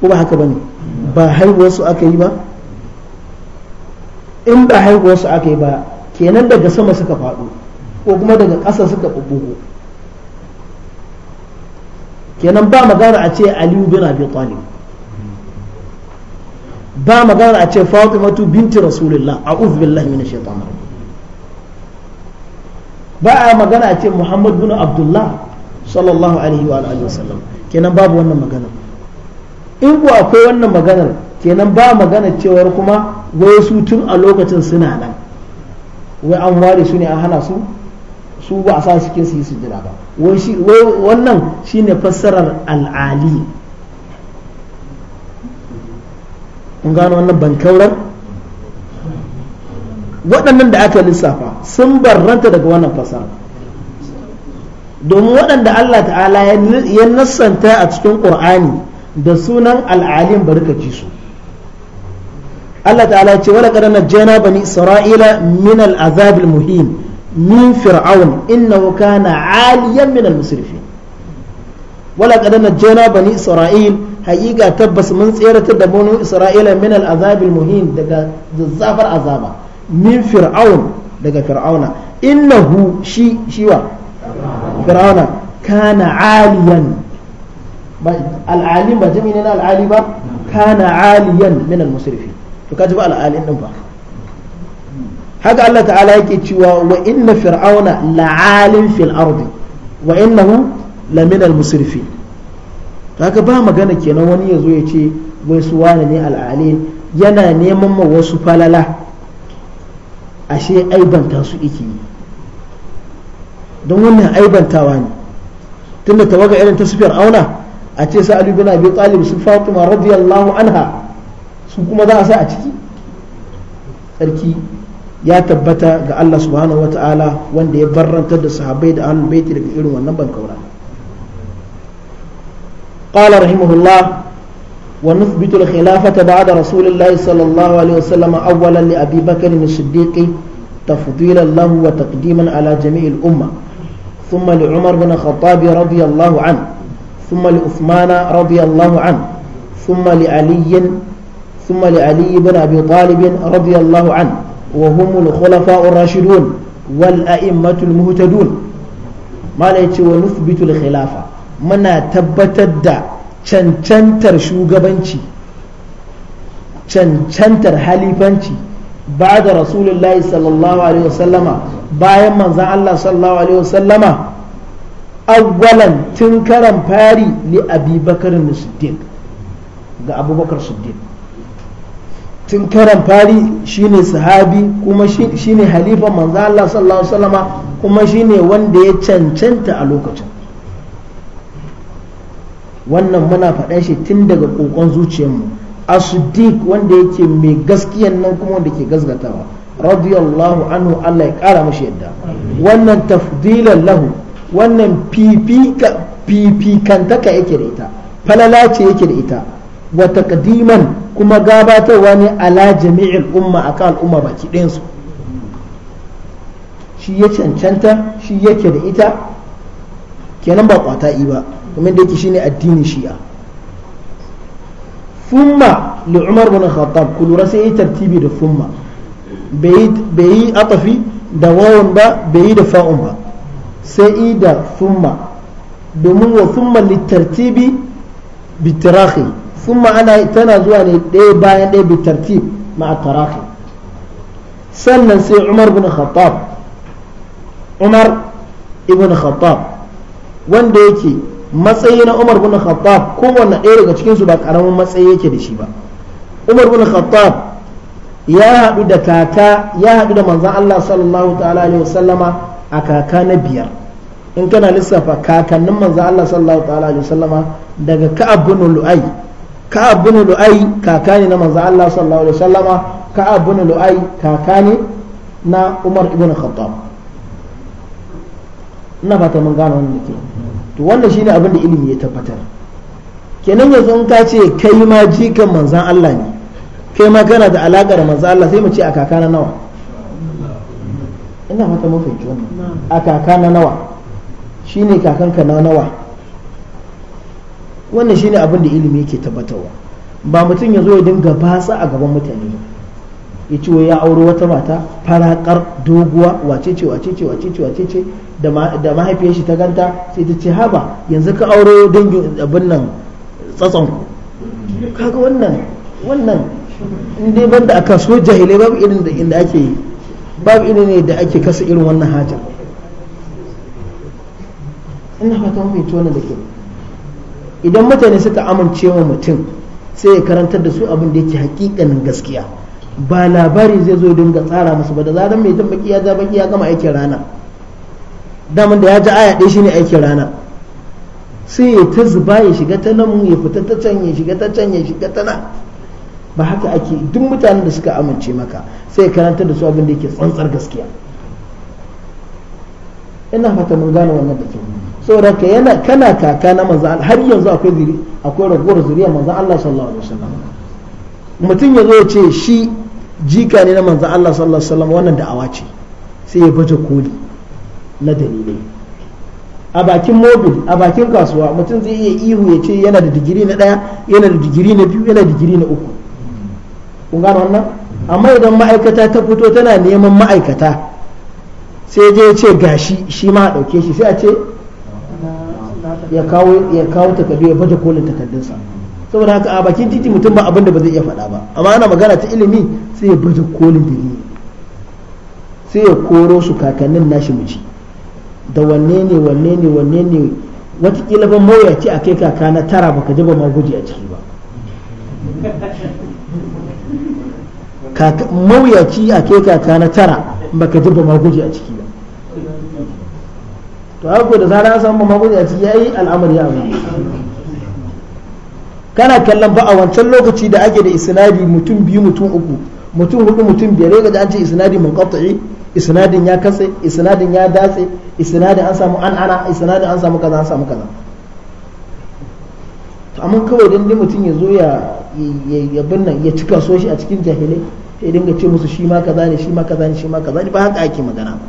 Speaker 1: ko ba haka ba ne ba su aka yi ba in ba su aka yi ba kenan daga sama suka faɗo ko kuma daga ƙasa suka ɓuɓɓugo kenan ba magana a ce aliyu bin abi talib ba magana a ce fatimatu binti rasulullah a'udhu billahi minash shaitanir ba a magana a ce muhammad bin abdullah sallallahu alaihi wa alihi wasallam kenan babu wannan magana in ko akwai wannan maganar kenan ba magana cewar kuma wai su tun a lokacin suna nan wai an ware su ne an hana su su ba a sa cikin su yi jira ba wai wannan shine fassarar al'ali kun gano wannan bankaurar waɗannan da aka lissafa sun barranta daga wannan fasaha domin waɗanda Allah ta'ala ya nassanta a cikin ƙur'ani da sunan al'alim barkaci su Allah ta'ala ce wala ƙarar jana bani isra'ila min al'azab muhim min fir'aun innahu kana aliyan min al-musrifin wala ƙarar jana bani isra'il haƙiƙa tabbas mun tseratar da bani isra'ila min al'azab muhim daga zazzafar azaba min fir'aun daga fir'auna innahu shi shiwa fir'auna kana aliyan al'alim ba jami'i na al'ali ba kana aliyan min al-musrifi to kaji ba al'alin din ba haka Allah ta'ala yake cewa wa inna fir'auna la'alin fil ardi wa innahu lamin al-musrifi to haka ba magana kenan wani yazo ya ce wai su wani ne al'alin yana neman ma wasu falala ashe aibanta su ike yi don wannan aibantawa ne tunda tawaga irin ta sufiyar auna a ce sa alubin bin Abi Talib su Fatima radiyallahu anha su kuma za a sa a ciki sarki ya tabbata ga Allah subhanahu ta'ala wanda ya barrantar da sahabbai da ahlul baiti daga irin wannan bankaura qala rahimahullah ونثبت الخلافة بعد رسول الله صلى الله عليه وسلم أولا لأبي بكر الصديق تفضيلا له وتقديما على جميع الأمة ثم لعمر بن الخطاب رضي الله عنه ثم لعثمان رضي الله عنه ثم لعلي ثم لعلي بن أبي طالب رضي الله عنه وهم الخلفاء الراشدون والأئمة المهتدون ما لا ونثبت الخلافة منا تبتد cancantar shugabanci cancantar halifanci ba da rasulullahi sallallahu alaihi wasallama bayan manzan Allah sallallahu alaihi wasallama awwalan tun karan fari li abubakar siddiq ga abubakar siddiq tun karan fari shine sahabi kuma shine halifan manzan Allah sallallahu alaihi wasallama kuma shine wanda ya cancanta a lokacin wannan muna faɗa shi tun daga kokon zuciyarmu as-siddiq wanda yake mai gaskiyan nan kuma wanda ke gasgatawa radiyallahu anhu Allah ya kara mashi yadda wannan tafdilan lahu wannan fifikantaka yake da ita falala ce yake da ita wa taqdiman kuma gabatarwa ne ala jami'il umma akan al'umma baki ɗayansu shi ya cancanta shi yake da ita kenan ba kwata ba kamar da yake shine addinin shi'a fumma li umar bin khattab ku lura sai yi tartibi da fumma bai yi atafi da wawan ba bai yi da fa'un ba sai yi da fumma domin wa thumma li tartibi bitirahi thumma ana tana zuwa ne ɗaya bayan ɗaya tartib ma'a tarahi sannan sai umar bin khattab umar ibn khattab wanda yake matsayi na Umar bin Khattab kowanne ɗaya daga cikin su ba karamin matsayi yake da shi ba Umar bin Khattab ya haɗu da kaka ya haɗu da manzan Allah sallallahu ta'ala alaihi wasallama a kaka na biyar in kana lissafa kakannin manzan Allah sallallahu ta'ala alaihi wasallama daga Ka'ab bin Lu'ay Ka'ab bin Lu'ay kaka ne na manzan Allah sallallahu alaihi wasallama Ka'ab bin Lu'ay kaka ne na Umar ibn Khattab ina ta mun gane wannan ke to wannan shine abin da ilimi ya tabbatar kenan yanzu in ka ce kai ma jikan manzan Allah ne kai ma kana da alaƙa da manzan Allah sai mu ce a kaka na nawa ina fata mun fahimci wannan a kaka na nawa shine kakanka na nawa wannan shine abin da ilimi yake tabbatarwa ba mutum ya zo ya dinga basa a gaban mutane ya ciwo ya auri wata mata farakar doguwa wacece wacece wacece wacece da mahaifiyar shi ta ganta sai ta ce haba yanzu ka auro dangin abin nan tsatson
Speaker 2: ku kaga
Speaker 1: wannan wannan in dai da aka so jahilai babu irin da inda ake babu irin ne da ake kasa irin wannan hajar ina fata fahimci wannan da ke idan mutane suka amince wa mutum sai ya karantar da su abin da yake hakikanin gaskiya ba labari zai zo dinga tsara musu ba da zarar mai tabbaki ya ja ya gama aikin rana daman da ya ji aya ɗaya shine aikin rana sai ya ta zuba ya shiga ta nan ya fita ta can ya shiga ta can ya shiga ta nan ba haka ake duk mutanen da suka amince maka sai karanta da su abin da yake tsantsar gaskiya ina fata mun gane wannan da kyau saboda ka yana kana kaka na manzo har yanzu akwai zuri akwai ragowar zuriya manzo Allah sallallahu alaihi wasallam mutum ya zo ya ce shi jika ne na manzo Allah sallallahu alaihi wasallam wannan da'awa ce sai ya baje koli na dalilai a bakin mobil a bakin kasuwa mutum zai iya ihu ya ce yana da digiri na ɗaya yana da digiri na biyu yana da digiri na uku kun gano wannan amma idan ma'aikata ta fito tana neman ma'aikata sai je ce gashi shi ma a ɗauke shi sai a ce ya kawo ya kawo takardu ya baje kolin takardunsa saboda haka a bakin titi mutum ba abin da ba zai iya faɗa ba amma ana magana ta ilimi sai ya baje kolin dalili sai ya koro su kakannin nashi mu ci da wanne ne wanne ne wanne ne watakila ban mawuyaci a kai kaka na tara baka ji ba ma guji a ciki
Speaker 2: ba mawuyaci a kai kaka na tara baka ji
Speaker 1: ba ma guji a ciki ba to haka da zara san ba ma guji a ciki yayi al'amari ya zama kana kallon ba a wancan lokaci da ake da isnadi mutum biyu mutum uku mutum hudu mutum biyar gaji an ce isnadi munqati isnadin ya katse isnadin ya datse isnadin an samu an ana isnadin an samu kaza an samu kaza to amma kawai dan dai mutum ya zo ya ya binnan ya cika so shi a cikin jahilai sai dinga ce musu shi ma kaza ne shi ma kaza ne shi ma kaza ne ba haka ake magana ba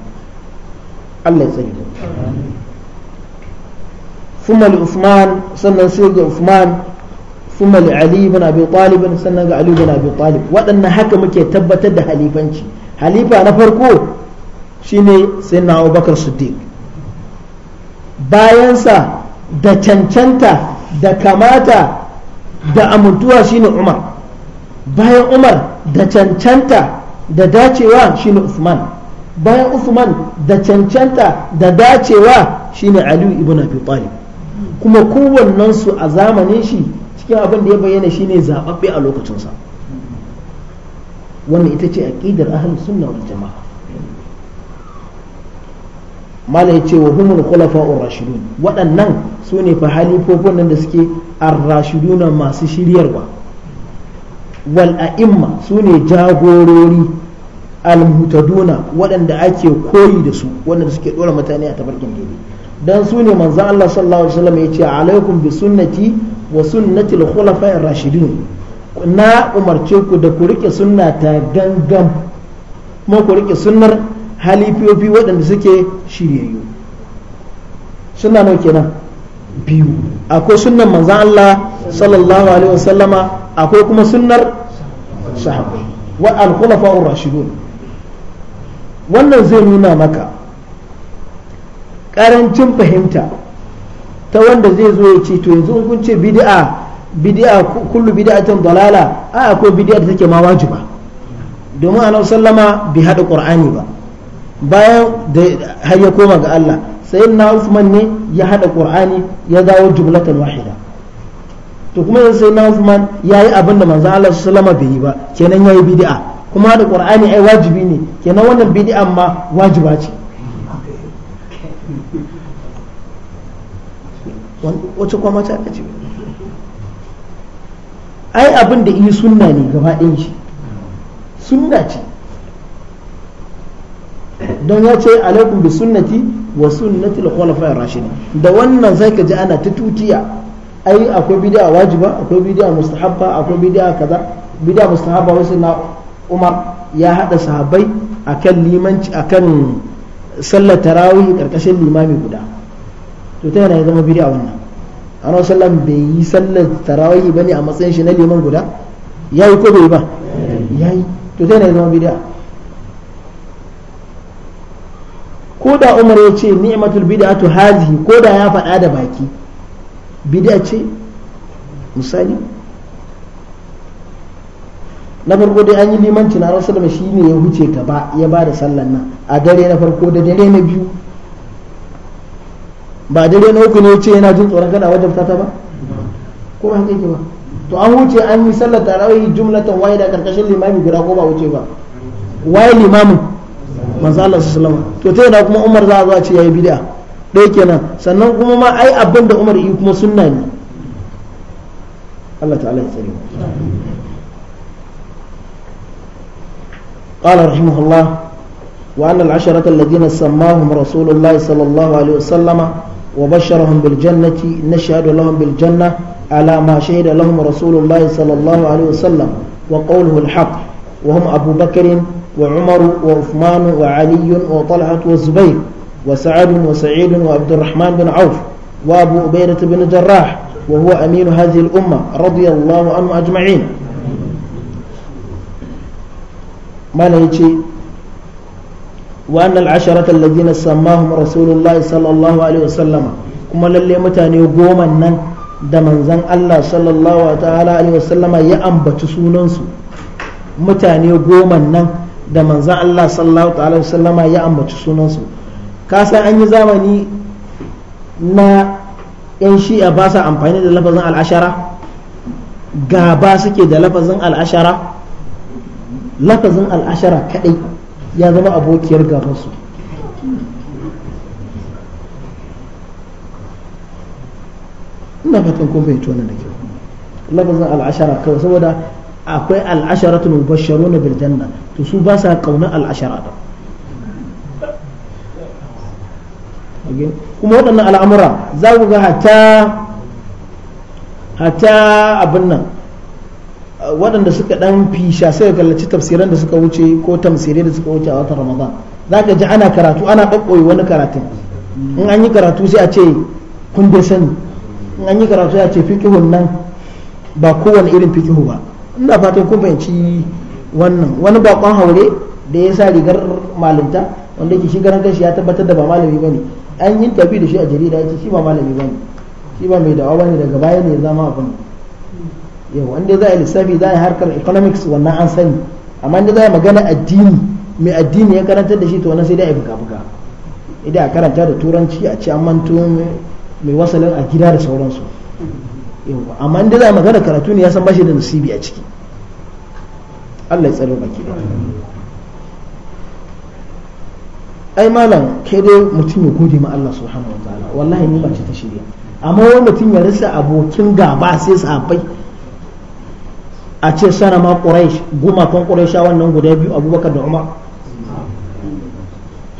Speaker 1: Allah ya tsare mu sai ga سنن سيد li ali ibn abi talib sannan ga ali ibn abi talib wadannan haka muke tabbatar da halifanci halifa na farko shine sayyidina abubakar siddiq bayansa da cancanta da kamata da amintuwa shine umar bayan umar da cancanta da dacewa shine usman bayan usman da cancanta da dacewa shine aliyu ibn abi talib kuma kowannensu a zamanin shi cikin abin da ya bayyana shine zababbe a lokacinsa wannan ita ce aqidar ahlus sunna wal jama'a malai ce wa humul khulafa'ur rashidun waɗannan su ne fa halifofin nan da suke ar rashidun masu shiryarwa wal a'imma su ne jagorori al mutaduna waɗanda ake koyi da su waɗanda suke dora mutane a tabarkin daidai dan su ne manzo Allah sallallahu alaihi wasallam yace alaikum bi sunnati wa sunnati al ar rashidun na umarce ku da ku rike sunna ta gangan kuma ku rike sunnar halifiyofi waɗanda suke shiryayyu suna nawa kenan biyu akwai sunnan manzan Allah sallallahu alaihi wasallama akwai kuma sunnar sahabbai wa al rashidun wannan zai nuna maka karancin fahimta ta wanda zai zo ya ce to yanzu kun ce bid'a bid'a kullu bid'atin dalala a akwai bid'a da take ma wajiba domin annabi sallama bai hada qur'ani ba bayan da har ya koma ga Allah sai na Uthman ne ya hada Qur'ani ya dawo jumlatan wahida to kuma yanzu sai na Uthman yayi abin da manzo Allah sallama bai yi ba kenan yayi bid'a kuma da Qur'ani ai wajibi ne kenan wannan bid'a ma wajiba ce wace kuma ta ce ai abin da yi sunna ne gaba ɗin shi sunna ce don ya ce alaikum bi sunnati wa sunnati al-khulafa'ir rashidin da wannan sai ka ji ana ta tutiya ai akwai bid'a wajiba akwai bid'a mustahabba akwai bid'a kaza bid'a mustahabba wasu na Umar ya hada sahabbai akan limanci akan sallar tarawih karkashin limami guda to ta yana zama bid'a wannan ana sallan bai yi sallar tarawih bane a matsayin shi na liman guda yayi ko bai ba yayi to ta yana zama bid'a ko da umar ya ce ni'matul bid'atu hazihi ko da ya faɗa da baki bid'a ce misali na farko dai an yi limanci na da shi ne ya huce gaba ya ba da sallan nan a dare na farko da dare na biyu ba dare na uku ne ya ce yana jin tsoron kada wajen ta ba ko ba haka yake ba to an huce an yi sallar tarawih jumlatan da karkashin limami guda ko ba huce ba wai limamin manzo Allah sallallahu alaihi wasallam to ta yana kuma Umar za a zo ce yayi bid'a dai kenan sannan kuma ma ai abin da Umar yi kuma sunna ne Allah ta'ala ya tsare mu قال رحمه الله وأن العشرة الذين سماهم رسول الله صلى الله عليه وسلم وبشرهم بالجنة نشهد لهم بالجنة على ما شهد لهم رسول الله صلى الله عليه وسلم وقوله الحق وهم أبو بكر وعمر وعثمان وعلي وطلحة والزبير وسعد وسعيد وعبد الرحمن بن عوف وأبو عبيدة بن جراح وهو أمين هذه الأمة رضي الله عنه أجمعين ما نيجي وأن العشرة الذين سماهم رسول الله صلى الله عليه وسلم kuma lalle mutane goma nan da manzan Allah sallallahu alaihi wasallama ya ambaci sunansu mutane goma nan da manzan Allah sallallahu ta'ala sallama ya ambaci sunansu kasan an yi zamani na 'yan shi'a ba sa amfani da lafazin al'ashara gaba suke da lafazin al'ashara lafazin al'ashara kadai ya zama abokiyar gabansu ina fatan kun fahimci wannan da kyau lafazin al'ashara kawai saboda akwai al'asharatu mubashsharuna na birjanna to su ba sa kauna al'ashara kuma waɗannan al'amura za ku ga hatta abin nan waɗanda suka ɗan fisha sai kallaci tafsiran da suka wuce ko tamsirai da suka wuce a watan ramadan za ka ji ana karatu ana ɗaɓɓoye wani karatun in an yi karatu sai a ce kun dai sani in an yi karatu sai a ce fiƙihun nan ba kowane irin fikihu ba ina fatan kun ci wannan wani bakon haure da ya sa rigar malinta wanda ke shi garan kanshi ya tabbatar da ba malami bane an yi tafi da shi a jarida ya ce shi ba malami bane shi ba mai da'awa bane daga baya ne ya zama abin yau wanda za a yi lissafi za a yi harkar economics wannan an sani amma inda za a magana addini mai addini ya karantar da shi to wannan sai dai a buka buka idan a karanta da turanci a ci an manto mai wasalin a gida da sauransu amma inda za magana karatu ne ya san bashi da nasibi a ciki Allah ya tsaro baki da ai malam kai dai mutum ya gode ma Allah subhanahu wa ta'ala wallahi ni ba ce ta shirya amma wani mutum ya rasa abokin gaba sai sahabbai a ce sana ma quraish gumakan quraisha wannan guda biyu abubakar da umar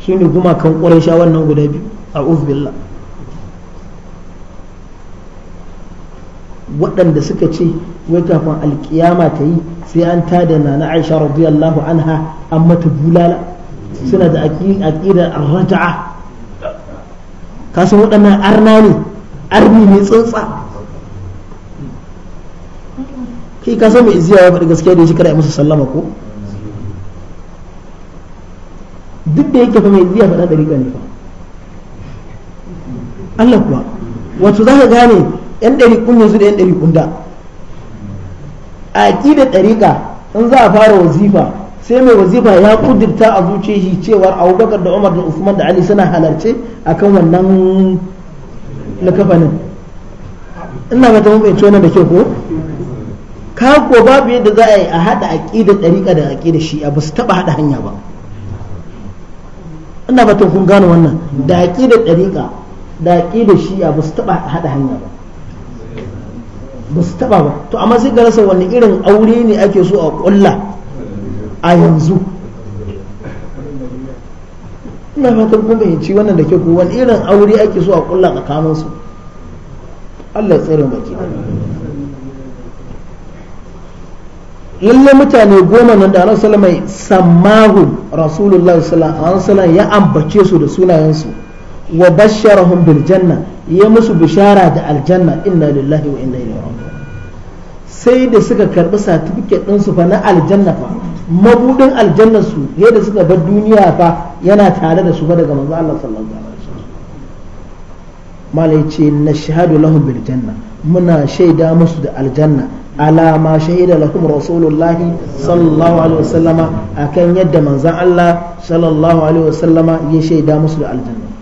Speaker 1: shine gumakan quraisha wannan guda biyu a'udhu billah waɗanda suka ce wai kafin alkiyama ta yi sai an tada na na aisha radiyallahu anha an mata bulala suna da aƙidar arrata'a kasan waɗannan arna ne arni mai tsantsa kai kasan mai iziya ya faɗi gaskiya da ya shi kada ya musu sallama ko duk da yake fa mai iziya faɗa ɗariƙa ne fa Allah kuwa wato za ka gane yan ɗari kun yanzu da yan ɗari kun da a da ɗariƙa in za a fara wazifa sai mai wazifa ya kudirta a zuce shi cewar abubakar da umar da usman da ali suna halarce kan wannan likafanin ina ba ta mun bai da ke ko ka ko babu yadda za a yi a haɗa da ɗariƙa da aƙidar shi'a ba su taɓa haɗa hanya ba ina fatan kun gane wannan da aƙidar ɗariƙa da aƙidar shi'a ba su taɓa haɗa hanya ba ba su taba ba to amma sai rasa wani irin aure ne ake so a kulla a yanzu ina fatan kun fahimci wannan da ke ku wani irin aure ake so a kulla tsakanin su Allah tsirin baki lalle mutane goma nan da Allah sallama sammahu rasulullahi sallallahu alaihi wasallam ya ambace su da sunayensu su wa basharahum bil janna ya musu bishara da aljanna inna lillahi wa inna ilaihi raji'un sai da suka karbi certificate din su fa na aljanna fa mabudin aljanna su yadda suka bar duniya fa yana tare da su fa daga manzo Allah sallallahu alaihi wasallam malai na shahadu lahum bil janna muna shaida musu da aljanna ala ma shahida lakum rasulullah sallallahu alaihi wasallama akan yadda manzon Allah sallallahu alaihi wasallama ya shaida musu da aljanna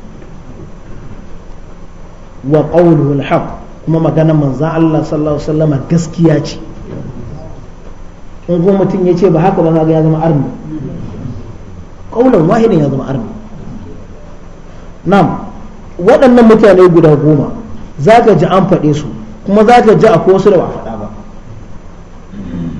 Speaker 1: wa qawluhu al-haq kuma maganar manzon Allah sallallahu alaihi wasallam gaskiya ce in kuma mutum ya ce ba haka ba kaga ya zama arni qawlan wahidin ya zama arni nam waɗannan mutane guda goma za ka ji an faɗe su kuma za ka ji akwai wasu da ba faɗa ba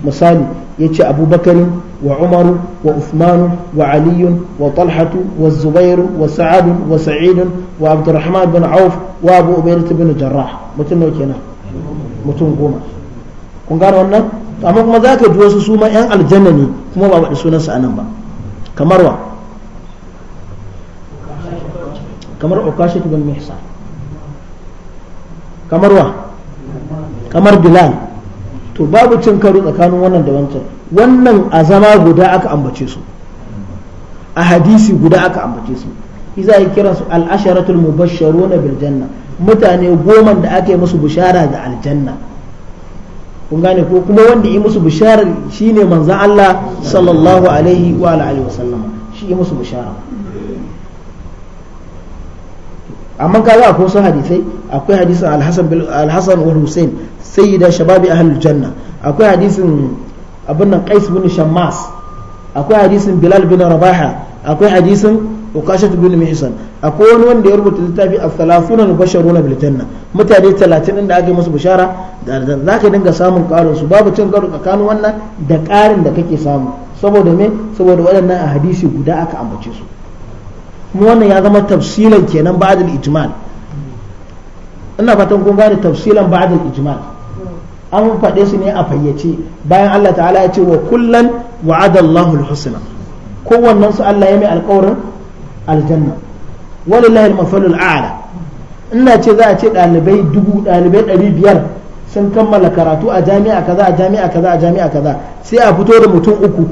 Speaker 1: misali ya ce abubakarin وعمر وعثمان وعلي وطلحة والزبير وسعد وسعيد وعبد الرحمن بن عوف sa'adu عبيدة بن جراح متن وكنا متن قوما kun gane wannan amma kuma za ka ji wasu su 'yan aljanna ne kuma ba faɗi sunansu a ba kamar wa kamar kamar bilal to babu cin karo tsakanin wannan da wancan wannan a zama guda aka ambace su a hadisi guda aka ambace su iza ya kira su al'asharatul mubasharu na birjanna mutane goma da ake musu bishara da aljanna kun gane ko kuma wanda yi musu bisharar shine manzon Allah sallallahu alaihi wa alihi wasallam shi yi musu bishara amma man akwai wasu hadisai akwai hadisin alhassan alhassan wal hussein sayyida shababi ahlul janna akwai hadisin abin nan qais bin shammas akwai hadisin bilal bin rabaha akwai hadisin ukashat bin mihsan akwai wani wanda ya rubuta littafi al-thalathuna basharuna bil janna mutane talatin inda da ake musu bishara da zaka dinga samun karin su babu cin karo tsakanin wannan da karin da kake samu saboda me saboda waɗannan a hadisi guda aka ambace su kuma wannan ya zama tafsilan kenan ba'dal ijmal ina fatan kun gane tafsilan ba'dal ijmal an faɗe su ne a fayyace bayan Allah ta'ala ya ce wa kullan wa'adallahu al-husna kowannen su Allah ya mai alƙawarin aljanna walillahi al-mafalul a'la ina ce za a ce ɗalibai dubu ɗalibai ɗari biyar sun kammala karatu a jami'a kaza a jami'a kaza a jami'a kaza sai a fito da mutum uku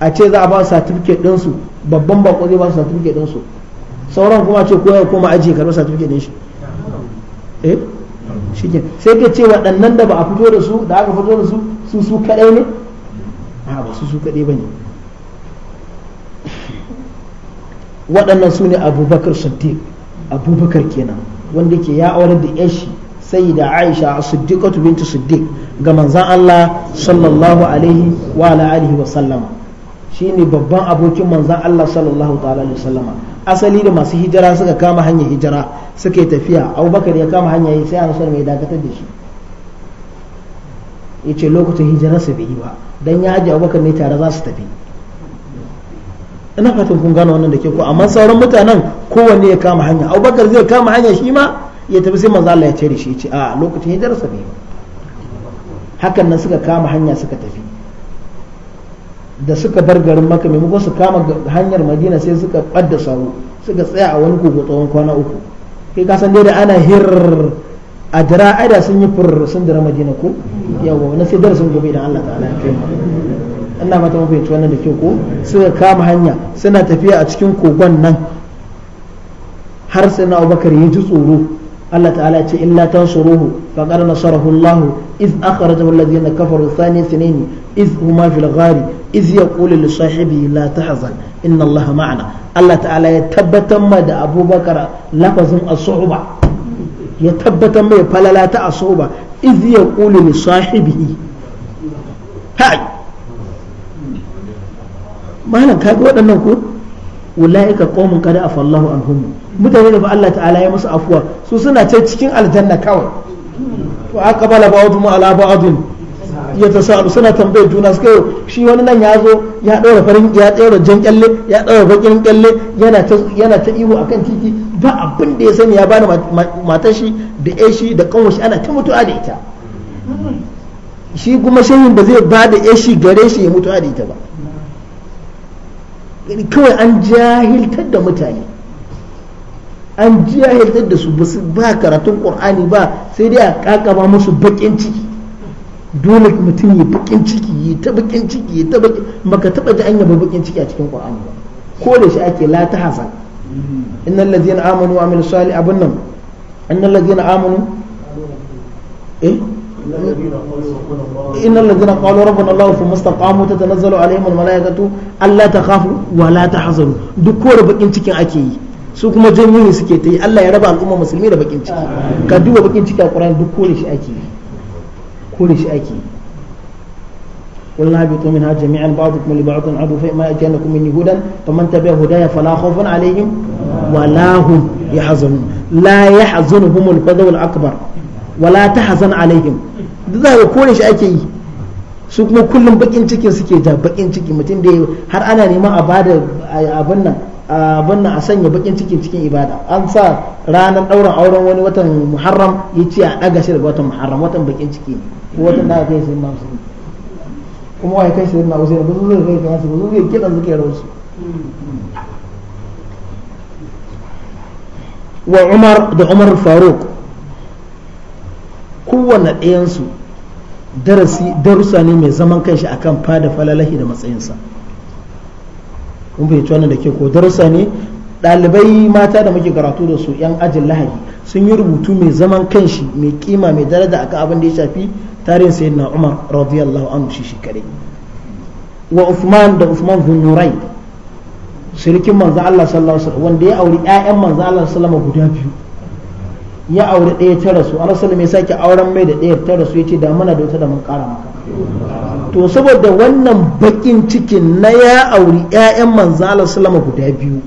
Speaker 1: a ce za a ba su certificate din su babban bako zai ba su certificate din su sauran kuma ce ko ya koma aji karɓar certificate din shi eh sai ka ce waɗannan da ba a fito da su da aka fito da su su su kadai ne a ba su su kadai ne waɗannan su ne abubakar siddiq abubakar kenan wanda ke ya aurar da yashi sai da aisha a siddiqatu bintu siddiq ga manzan allah sallallahu alaihi wa alihi wa sallama shine babban abokin manzan Allah sallallahu ta'ala alaihi wasallama asali da masu hijira suka kama hanyar hijira suka yi tafiya abubakar ya kama hanya sai annabi sallallahu mai dakatar da shi yace lokacin hijirarsa bai yi ba dan ya haji abubakar ne tare za su tafi ina fatan kun gano wannan da ke ko amma sauran mutanen kowanne ya kama hanya abubakar zai kama hanya shi ma ya tafi sai manzo Allah ya ce da shi ce a lokacin hijirar sa bai hakan nan suka kama hanya suka tafi da suka bar garin maka maimakon su kama hanyar madina sai suka ɓadda sawu suka tsaya a wani kogo tsawon kwana uku kai ka san da ana hirar a jira aida sun yi fur sun dira madina ko yawa na sai darasin gobe da Allah ta'ala ya kai ina mata mafi wannan da kyau ko suka kama hanya suna tafiya a cikin kogon nan har sai na abubakar ya ji tsoro Allah ta'ala ce illa tansuruhu faqad nasarahu Allah iz akhrajahu alladhina kafaru thani thnaini iz huma fil ghari iz yaqulu li sahibihi la tahzan inna Allah ma'ana Allah ta'ala ya tabbatar ma da Abubakar lafazin as-suhba ya tabbatar mai falala ta as-suhba iz yaqulu li sahibihi hai malam kaga waɗannan mutane da ba Allah ta'ala ya musu afuwa su suna ce cikin aljanna kawai to wa ba ba'dhum ala ta sa'adu suna tambayar juna suka shi wani nan ya zo ya ɗaura farin ya ɗaura jan kyalle ya ɗaura bakin kyalle yana ta yana ta ihu akan titi ba abin da ya sani ya bani matar shi da ƴa shi da kanwa shi ana ta mutuwa da ita shi kuma shehin ba zai ba da ƴa shi gare shi ya mutuwa da ita ba kawai an jahiltar da mutane an jahiltar da su ba karatun qur'ani ba sai dai a ba musu bakin ciki dole mutum ya bakin ciki ya ta bakin ciki ya ta bakin maka taba ji an yaba bakin ciki a cikin qur'ani ba ko da shi ake la ta hasan innal ladina amanu wa amilus salih abun nan innal ladina amanu eh إن الذين قالوا ربنا الله ثم استقاموا تتنزل عليهم la ألا تخافوا ولا تحزنوا دكور بقين cikin akeyi. su kuma jami'in ne suke ta yi Allah ya raba al'umma musulmi da bakin ciki ka duba bakin ciki a Qur'ani duk kore shi ake kore shi ake قلنا هبطوا منها جميعا بعضكم لبعض عدو فإما أتينكم مني هدى فمن تبع هداي فلا خوف عليهم ولا هم يحزنون لا يحزنهم الفزع الأكبر ولا تحزن عليهم da za shi ake yi su kuma kullum bakin cikin suke ja bakin ciki mutum da har ana neman a bada abin nan abin a sanya bakin cikin cikin ibada an sa ranar ɗaurin auren wani watan muharram ya ce a ɗaga shi daga watan muharram watan bakin ciki ne ko watan da aka kai sayyidina usain kuma wai kai na usain ba su zai kai kansu ba zai kidan zuke rawsu wa umar da umar faruk kowanne ɗayansu darasi darussa ne mai zaman kanshi akan fada falalahi da matsayinsa kun fahimci wannan da ke ko darussa ne ɗalibai mata da muke karatu da su yan ajin lahadi sun yi rubutu mai zaman kanshi mai kima mai daraja a kan abin da ya shafi tarihin na umar radiyallahu anhu shi shekare wa uthman da uthman bin nurai shirkin manzo Allah sallallahu alaihi wasallam wanda ya auri ƴaƴan manzo Allah sallallahu alaihi guda biyu ya auri ɗaya ta rasu Allah sallallahu alaihi sake auren mai da ɗaya ta rasu yace da mana da wata da mun ƙara maka to saboda wannan bakin cikin na ya auri 'ya'yan manzala sulama guda biyu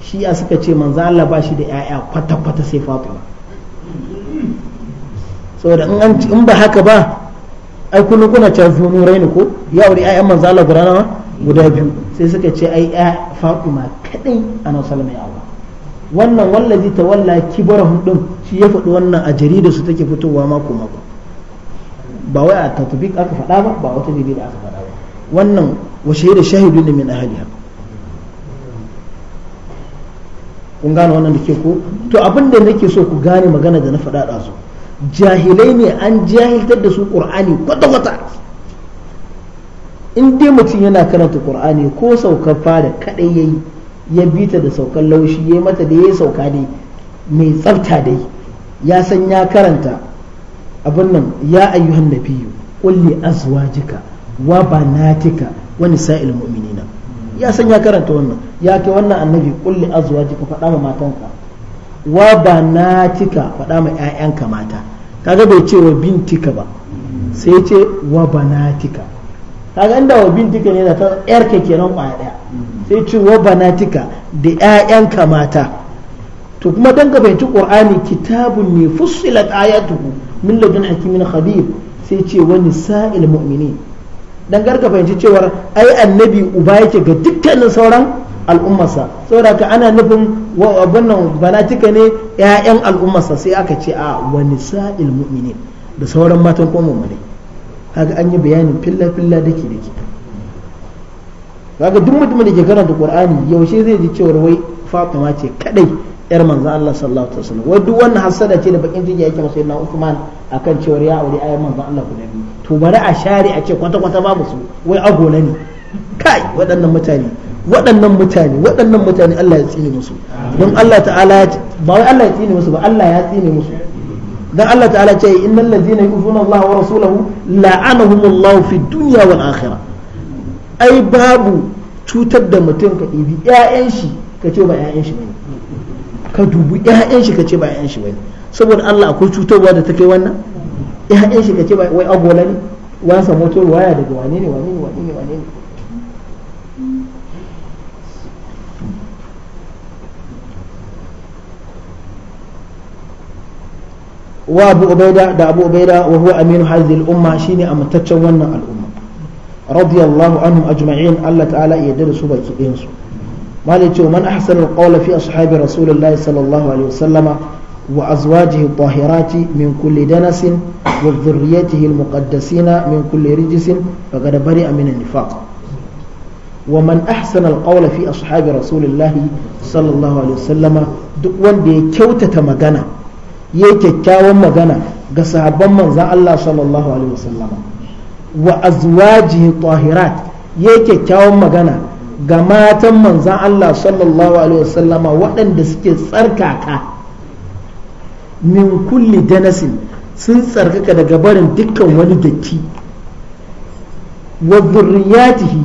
Speaker 1: shi ya suka ce manzala ba shi da 'ya'ya kwata-kwata sai fatima saboda in ba haka ba ai kullum kuna can zunu raini ko ya auri 'ya'yan manzala guda nawa guda biyu sai suka ce ai ya fatima kadai a nan salama ya aura wannan wallazi ta walla kibarahum din shi ya faɗi wannan a jaridar su take fitowa mako mako ba wai a tatbik aka faɗa ba ba wata dalili aka faɗa ba wannan wa shahidu shahidun min ahliha kun gane wannan da ke ko to abin da nake so ku gane magana da na faɗa da su jahilai ne an jahiltar da su qur'ani kwata kwata in dai mutum yana karanta qur'ani ko saukar fada kadai yayi ya bita da saukar laushi yayi mata da yayi sauka dai mai tsafta dai ya san ya karanta abin nan ya ayyuhan nabiyyu qul li azwajika wa banatika wa nisa'il mu'minina ya san ya karanta wannan ya kai wannan annabi qul li azwajika faɗa ma matanka wa banatika faɗa ma ƴaƴanka mata kaga bai ce wa bintika ba sai ce wa banatika kaga inda wa bintika ne da ta yarka kenan kwaya daya sai ce wa banatika da ƴaƴanka mata to kuma dan ka fahimci qur'ani kitabun ne fussilat ayatuhu min ladun hakimin khabir sai ce wani sa'il mu'mini dan garka fahimci cewar ai annabi uba yake ga dukkanin sauran al'ummarsa saboda ka ana nufin wannan banatika ne 'ya'yan al'ummarsa sai aka ce a wani sa'il mu'mini da sauran matan ko mu'mini kaga an yi bayanin filla filla dake dake kaga duk mutumin da ke karanta qur'ani yaushe zai ji cewar wai fatima ce kadai yar manzo Allah sallallahu alaihi wasallam wai duk wannan hasada ce da bakin ciki yake masa na Uthman akan cewa ya aure ayyan manzo Allah guda biyu to bari a share a ce kwata kwata babu su wai agola ne kai waɗannan mutane waɗannan mutane waɗannan mutane Allah ya tsine musu don Allah ta'ala ya ba wai Allah ya tsine musu ba Allah ya tsine musu dan Allah ta'ala ce innal ladzina yu'minuna Allah wa rasulahu la'anahumullahu fid dunya wal akhirah ai babu cutar da mutum ka ibi ƴaƴan shi ka ce ba ƴaƴan shi bane ka dubu ƴaƴan shi ka ba ƴaƴan shi bane saboda Allah akwai cutarwa da take wannan ƴaƴan shi ka ba wai agola ne wa sa motar waya daga wane ne wane ne wane ne wane ne wa abu ubaida da abu ubaida wa huwa aminu hadhihi al-umma shine amintaccen wannan al'umma radiyallahu anhum ajma'in Allah ta'ala ya yarda da su baki ɗayan su malai ce man ahsanu qawla fi ashabi rasulillahi sallallahu alaihi wasallama wa azwajihi tahirati min kulli danasin wa dhurriyyatihi almuqaddasina min kulli rijisin faqad bari'a min an-nifaq wa man ahsana alqawla fi ashabi rasulillahi sallallahu alaihi wasallama duk wanda ya kyautata magana ya kyakkyawan magana ga sahabban manzon Allah sallallahu alaihi wasallama wa azwajihi tahirat ya kyakkyawan magana ga matan manzan Allah sallallahu alaihi wasallama waɗanda suke tsarkaka min kulli danasin sun tsarkaka daga barin dukkan wani datti wa zurriyatihi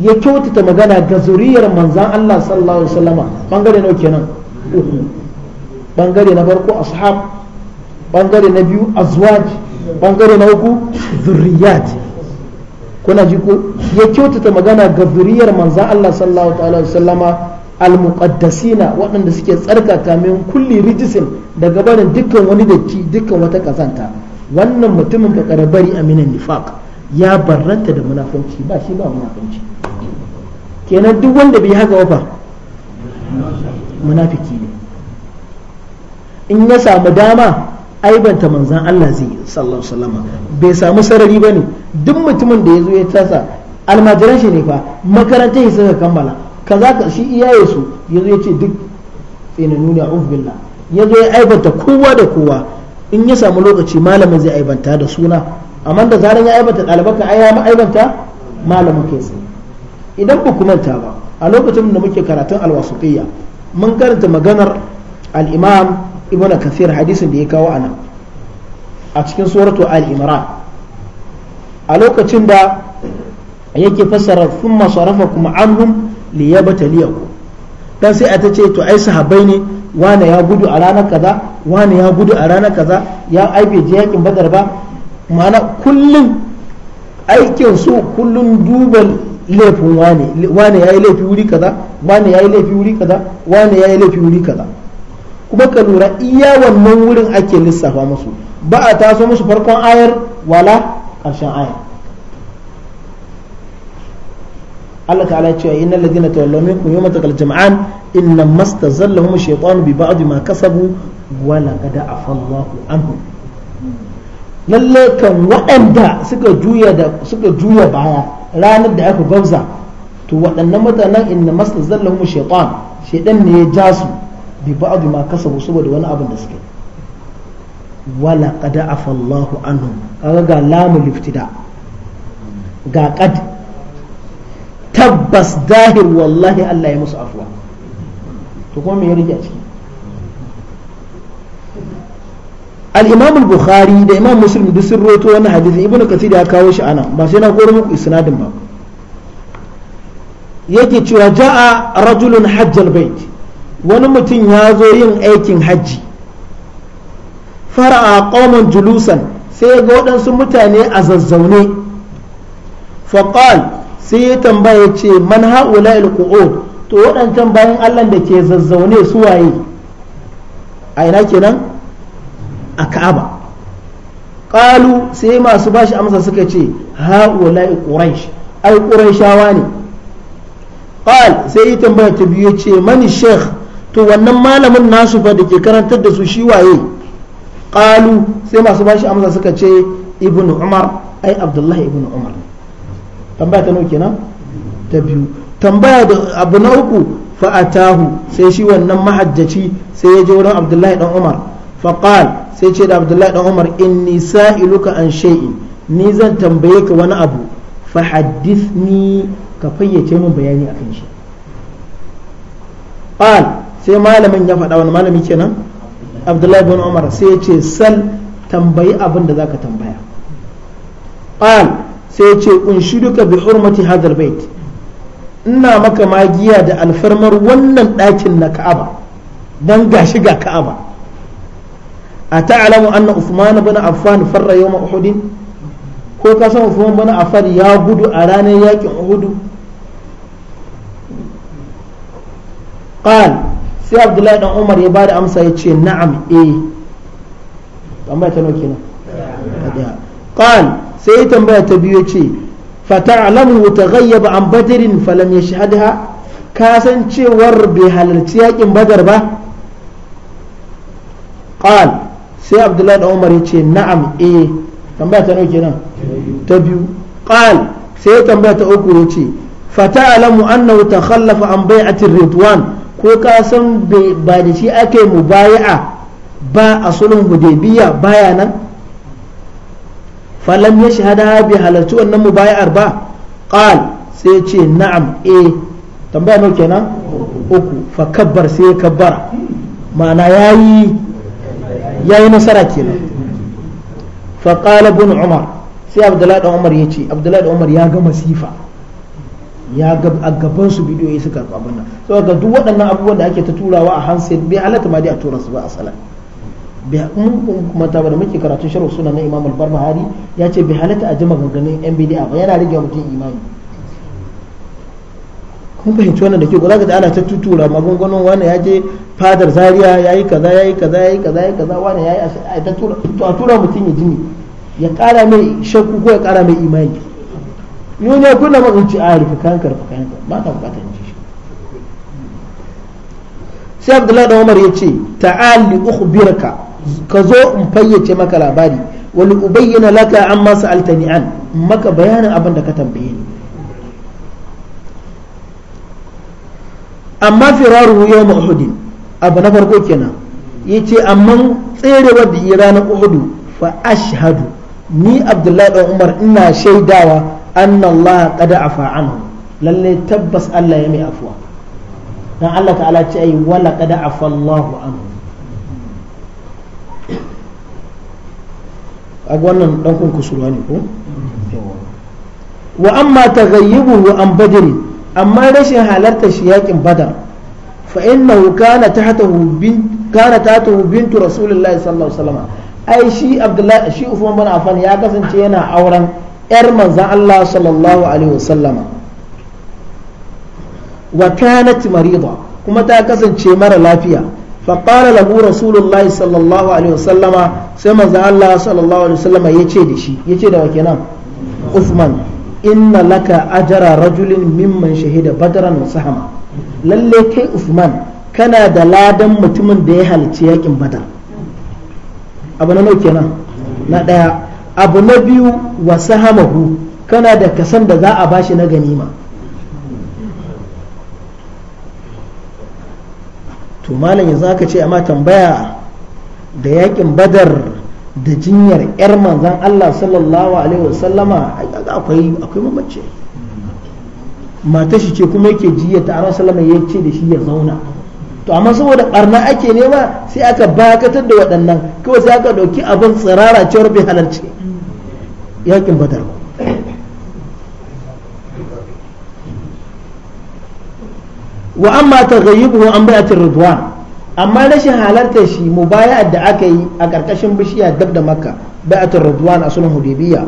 Speaker 1: ya kyautata magana ga zuriyar manzan Allah sallallahu alaihi wasallama bangare nawa kenan uku bangare na farko ashab ɓangare na biyu azwaj bangare na uku zuriyat. kuna ji ko ya kyautata magana ga zuriyar manzan Allah sallallahu ta'ala wa sallama almuqaddasina waɗanda suke tsarkaka min kulli rijisin daga barin dukkan wani datti dukkan wata kazanta wannan mutumin fa karabari aminan nifaq ya barranta da munafunci ba shi ba munafunci kenan duk wanda bai haka wafa munafiki ne in ya samu dama aibanta manzan Allah zai sallallahu sallama bai samu sarari ba ne duk mutumin da ya zo ya tasa almajiran shi ne fa makarantar shi suka kammala kaza ka shi iyaye su ya zo ya ce duk tsina nuna billah ya zo ya aibanta kowa da kowa in ya samu lokaci malamin zai aibanta da suna amma da zaran ya aibanta ɗalibanka ai ya ma aibanta malamin kai sai idan ba ku manta ba a lokacin da muke karatun alwasutiyya mun karanta maganar al-imam ibn kathir hadisin da ya kawo a nan a cikin suratu al-imran a lokacin da yake fassara thumma sarafakum anhum liyaku dan sai a ta ce to ai sahabbai ne wani ya gudu a ranar kaza wani ya gudu a ranar kaza ya ai bai je yakin badar ba ma'ana kullum aikin su kullum duba laifin wani wane yayi laifi wuri kaza wane yayi laifi wuri kaza wane yayi laifi wuri kaza kuma ka lura iya wannan wurin ake lissafa musu ba a taso musu farkon ayar wala ƙarshen ayar Allah ta'ala cewa inna alladhina tawallaw minkum yawma taqal jam'an inna mastazallahum ash-shaytan bi ba'd ma kasabu wa laqad afa Allahu anhum lalle kan waɗanda suka juya da suka juya baya ranar da aka gwabza to waɗannan mutanen inna mastazallahum ash-shaytan shaytan ne ya ja su bi ba'd ma kasabu saboda wani abin da suka yi wala qad afa Allahu anhum kaga ga lamu liftida ga qad tabbas dahir wallahi Allah ya musu afwa to kuma me ya rike a ciki al-imam al-bukhari da imam muslim duk sun roto wannan hadisi ibnu kathir ya kawo shi ana ba sai na muku isnadin ba yake cewa ja'a rajulun hajjal bait wani mutum ya zo yin aikin hajji fara'a qauman julusan sai ga waɗansu mutane a zazzaune faqal sai ya tambaya ce man ha'ula il to waɗancan bayan Allah da ke zazzaune su waye a ina kenan a Ka'aba Ƙalu sai masu bashi amsa suka ce ha'ula quraish ai shawa ne qal sai ya tambaya ta biyu ce man sheikh to wannan malamin nasu fa da ke karantar da su shi waye qalu sai masu bashi amsa suka ce ibnu umar ai abdullahi ibnu umar tambaya ta nawa kenan ta biyu tambaya da abu na uku fa atahu sai shi wannan mahajjaci sai ya je wurin abdullahi dan umar fa qal sai ce da abdullahi dan umar inni sa'iluka an shay'in ni zan tambaye ka wani abu fa ka fayyace min bayani akan shi qal sai malamin ya faɗa wani malami kenan abdullahi bin umar sai ya ce sal tambayi abin da zaka tambaya qal sai ya ce unshiduka bi hurmati hadar bait ina maka magiya da alfarmar wannan ɗakin na ka'aba dan gashi ga ka'aba a ta'alamu anna usman bin affan farra yawm uhud ko ka san usman bin affan ya gudu a ranar yakin uhud qal sai abdullahi dan umar ya ba da amsa ya ce na'am eh tambaya ta nauke nan qal sai ya tambaya ta biyu ce fata'lamu taghayyaba an badrin falam yashhadha ka san cewar bai halarci yakin badar ba qal sai abdullahi dan umar ya ce na'am eh tambaya ta nauke nan ta biyu qal sai ya tambaya ta uku ya ce fata'lamu annahu takhallafa an bai'atir ridwan ko ka san ba da shi ake mubaya'a ba a sulhun hudaybiya baya nan falam ya shahada bi halarci wannan mubaya'ar ba qal sai ce na'am eh tambaya nawa kenan uku fa kabbar sai ya kabbara ma'ana yayi yayi nasara kenan fa qala ibn umar sai abdullahi umar yace abdullahi dan umar ya ga masifa ya a gaban su bidiyoyi suka karɓi abin nan ga duk waɗannan abubuwan da ake ta turawa a hanse bai halatta ma dai a tura su ba a salat mun kuma ta bada muke karatu sharh suna na Imam al-Barbahari ya ce bai halatta a jima ganganin yan bid'a ba yana rage mutum imani kun fahimci wannan da ke za ka ji ana ta tutura magungunan wani ya je fadar zaria ya yi kaza ya yi kaza ya yi kaza ya yi kaza wani ya yi a tura mutum ya jini ya kara mai shakku ko ya kara mai imani yuni ya kulla mazan ci a rufe kayan ka kayan ba ta bukatar ji shi sai abdullahi da umar ya ce ta'ali ukhbirka ka zo in fayyace maka labari wani ubayyana laka an masu altani an maka bayanin abin da ka tambaye ni amma firaru yau ma'udin abu na farko kenan ya ce amma tserewar da iya ranar uhudu fa ashhadu ni abdullahi da umar ina shaidawa anna Allah qad afa anhu lalle tabbas Allah ya mai afuwa dan Allah ta'ala ce ai wala qad afa a wannan dan kun wa amma taghayyubuhu an badri amma rashin halartar shi yakin badar fa innahu kana tahtahu bin bintu rasulullahi sallallahu alaihi wasallam ai shi abdullahi shi Uthman bin Affan ya kasance yana auren 'yar manzan Allah sallallahu alaihi wasallama wa kanat marida kuma ta kasance mara lafiya faƙara lahu rasulullahi sallallahu alaihi wasallama sai manzan Allah sallallahu alaihi wasallama ya ce da shi ya ce da wake kenan usman inna laka ajara rajulin mimman shahida badran wa sahama lalle kai usman kana da ladan mutumin da ya halarci yakin badar abu na nauke kenan na ɗaya abu na biyu wasu hamahu kana da kasan da za a bashi na ganima to malam yanzu aka ce amma tambaya da yakin badar da jinyar yar manzan Allah sallallahu alaihi wasallama akwai akwai mamace mata ce kuma yake jiya ta aron ya ce da shi ya zauna to amma saboda barna ake nema sai aka bakatar da waɗannan kawai sai aka ɗauki abin tsirara cewar bai halarci yakin badar ba wa amma taghayyibuhu an bai'atir ridwan amma rashin halarta shi mubaya'ar da aka yi a karkashin bishiya dab da makka bai'atir ridwan a sunan hudibiya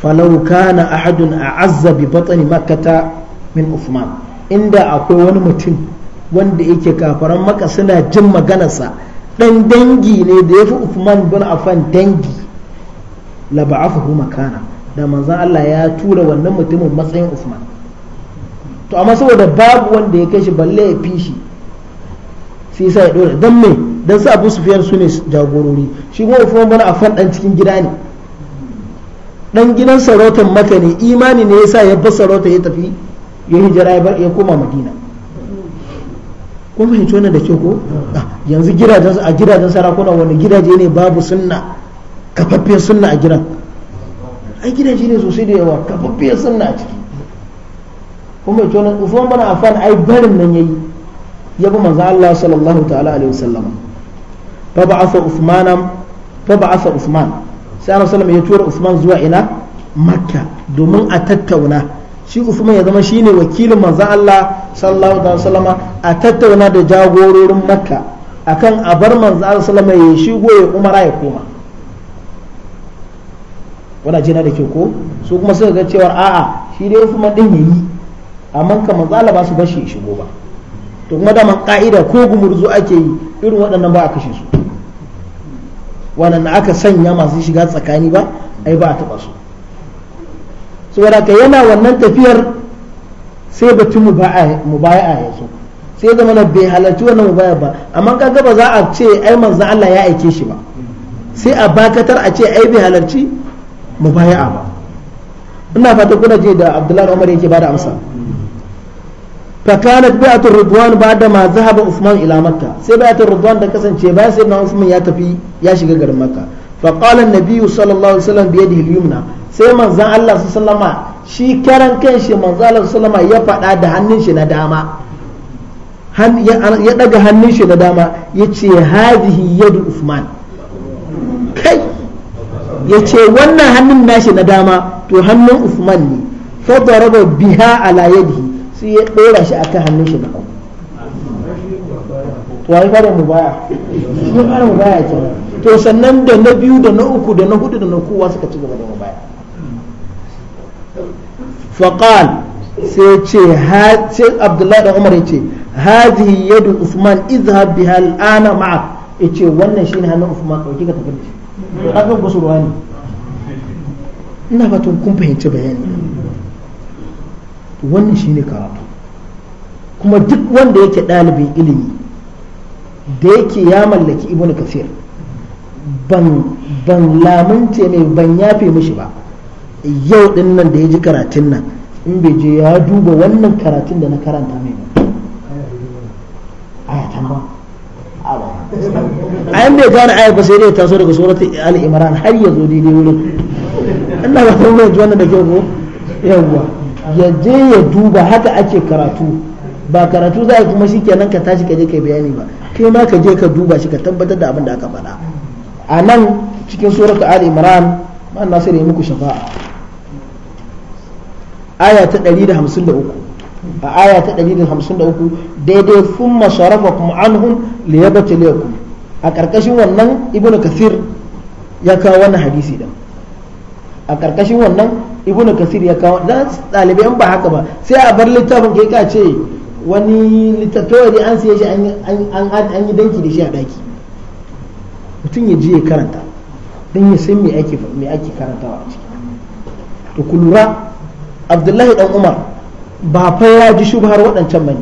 Speaker 1: falau kana ahadun a'azza bi batni ta min usman inda akwai wani mutum wanda yake kafaran maka suna jin maganarsa dan dangi ne da ya fi Uthman bin Affan dangi la ba'athahu makana da manzon Allah ya tura wannan mutumin matsayin Uthman to amma saboda babu wanda ya kai shi balle ya fi shi sai sai ya dan me dan sa Abu Sufyan su jagorori shi kuma Uthman bin Affan dan cikin gida ne dan gidan sarautar maka ne imani ne yasa ya bar sarauta ya tafi ya hijira ya koma Madina kun fahimci wannan da ke ko ah. Ah, yanzu gidajen a gidajen sarakuna wani gidaje ne babu sunna kafaffiyar sunna a gidan ai gidaje ne sosai da yawa kafaffiyar sunna a ciki kun fahimci wannan usman bana afan ai barin nan yayi ya bi manzo Allah sallallahu ta'ala alaihi wasallam fa ba'atha usmanan fa ba'atha usman sai Allah sallallahu ya tura usman zuwa ina makka domin a tattauna shi Usman ya zama shine wakilin manzon Allah sallallahu alaihi wasallama a tattauna da jagororin Makka akan a bar manzon Allah sallallahu alaihi wasallama ya shigo ya umara ya koma wala jina da ke ko su kuma suka ga cewar a'a shi dai Usman din yayi amma kan manzon Allah ba su bashi ya shigo ba to kuma da man ka'ida ko gumurzu ake yi irin waɗannan ba a kashe su wannan aka sanya masu shiga tsakani ba ai ba a taɓa su saboda ka yana wannan tafiyar sai batun mubaya'a ya zo sai zama na bai halarci wannan mubaya ba amma ka gaba za a ce ai manzan Allah ya aike shi ba sai a bakatar a ce ai bai halarci mubaya'a ba ina fata kuna je da Abdullahi Umar yake bada amsa فكانت ba da ma zahaba usman ila makka sai bi'atu ridwan da kasance كسن sai na usman ya tafi ya shiga garin makka فقال النبي صلى الله عليه وسلم بيده اليمنى sai manzan Allah su sallama shi karan kan shi manzan Allah su ya faɗa da hannun shi na dama ya ɗaga hannun shi na dama ya ce hazihi yadu Usman kai ya ce wannan hannun nashi na dama to hannun Usman ne fadaraba biha ala yadihi sai ya ɗora shi akan hannun shi na hagu
Speaker 2: to ai fara mu baya ya fara mu baya ce to sannan da
Speaker 1: na biyu da na uku da na hudu da na kowa suka ci gaba da mu baya faqal sai ce ha ce abdullahi da umar yace hadhihi yadu usman izhab biha al'ana ma'a yace wannan shine hannun usman dauki ka tafi da shi kaga gusurwa ne ina fatan kun fahimci bayani wannan shine karatu kuma duk wanda yake dalibin ilimi da yake ya mallaki ibn kafir ban ban lamunce mai ban yafe mishi ba yau din nan da ya ji karatun nan in bai je ya duba wannan karatun da na karanta mai ba
Speaker 2: ayatan ba a yan bai gane aya ba
Speaker 1: sai dai taso daga suratul al-imran har ya zo daidai wurin
Speaker 2: Allah ba ta mai ji wannan da
Speaker 1: kyau ko yawwa ya je ya duba haka ake karatu ba karatu za a kuma shikenan ka tashi ka je kai bayani ba kai ma ka je ka duba shi ka tabbatar da abin da aka faɗa a nan cikin surat ali imran na nasir ya muku shafa'a aya ta 153 a aya ta 153 daidai sun da sarafakum anhum liyabtaliyakum a karkashin wannan ibnu kasir ya kawo wannan hadisi din a karkashin wannan ibnu kasir ya kawo dan dalibai ba haka ba sai a bar littafin kai ka ce wani littattawa da an siya shi an yi danki da shi a daki mutum ya je ya karanta don ya san me ake karantawa a ciki to ku lura abdullahi dan umar ba fa ya ji shubhar waɗancan ne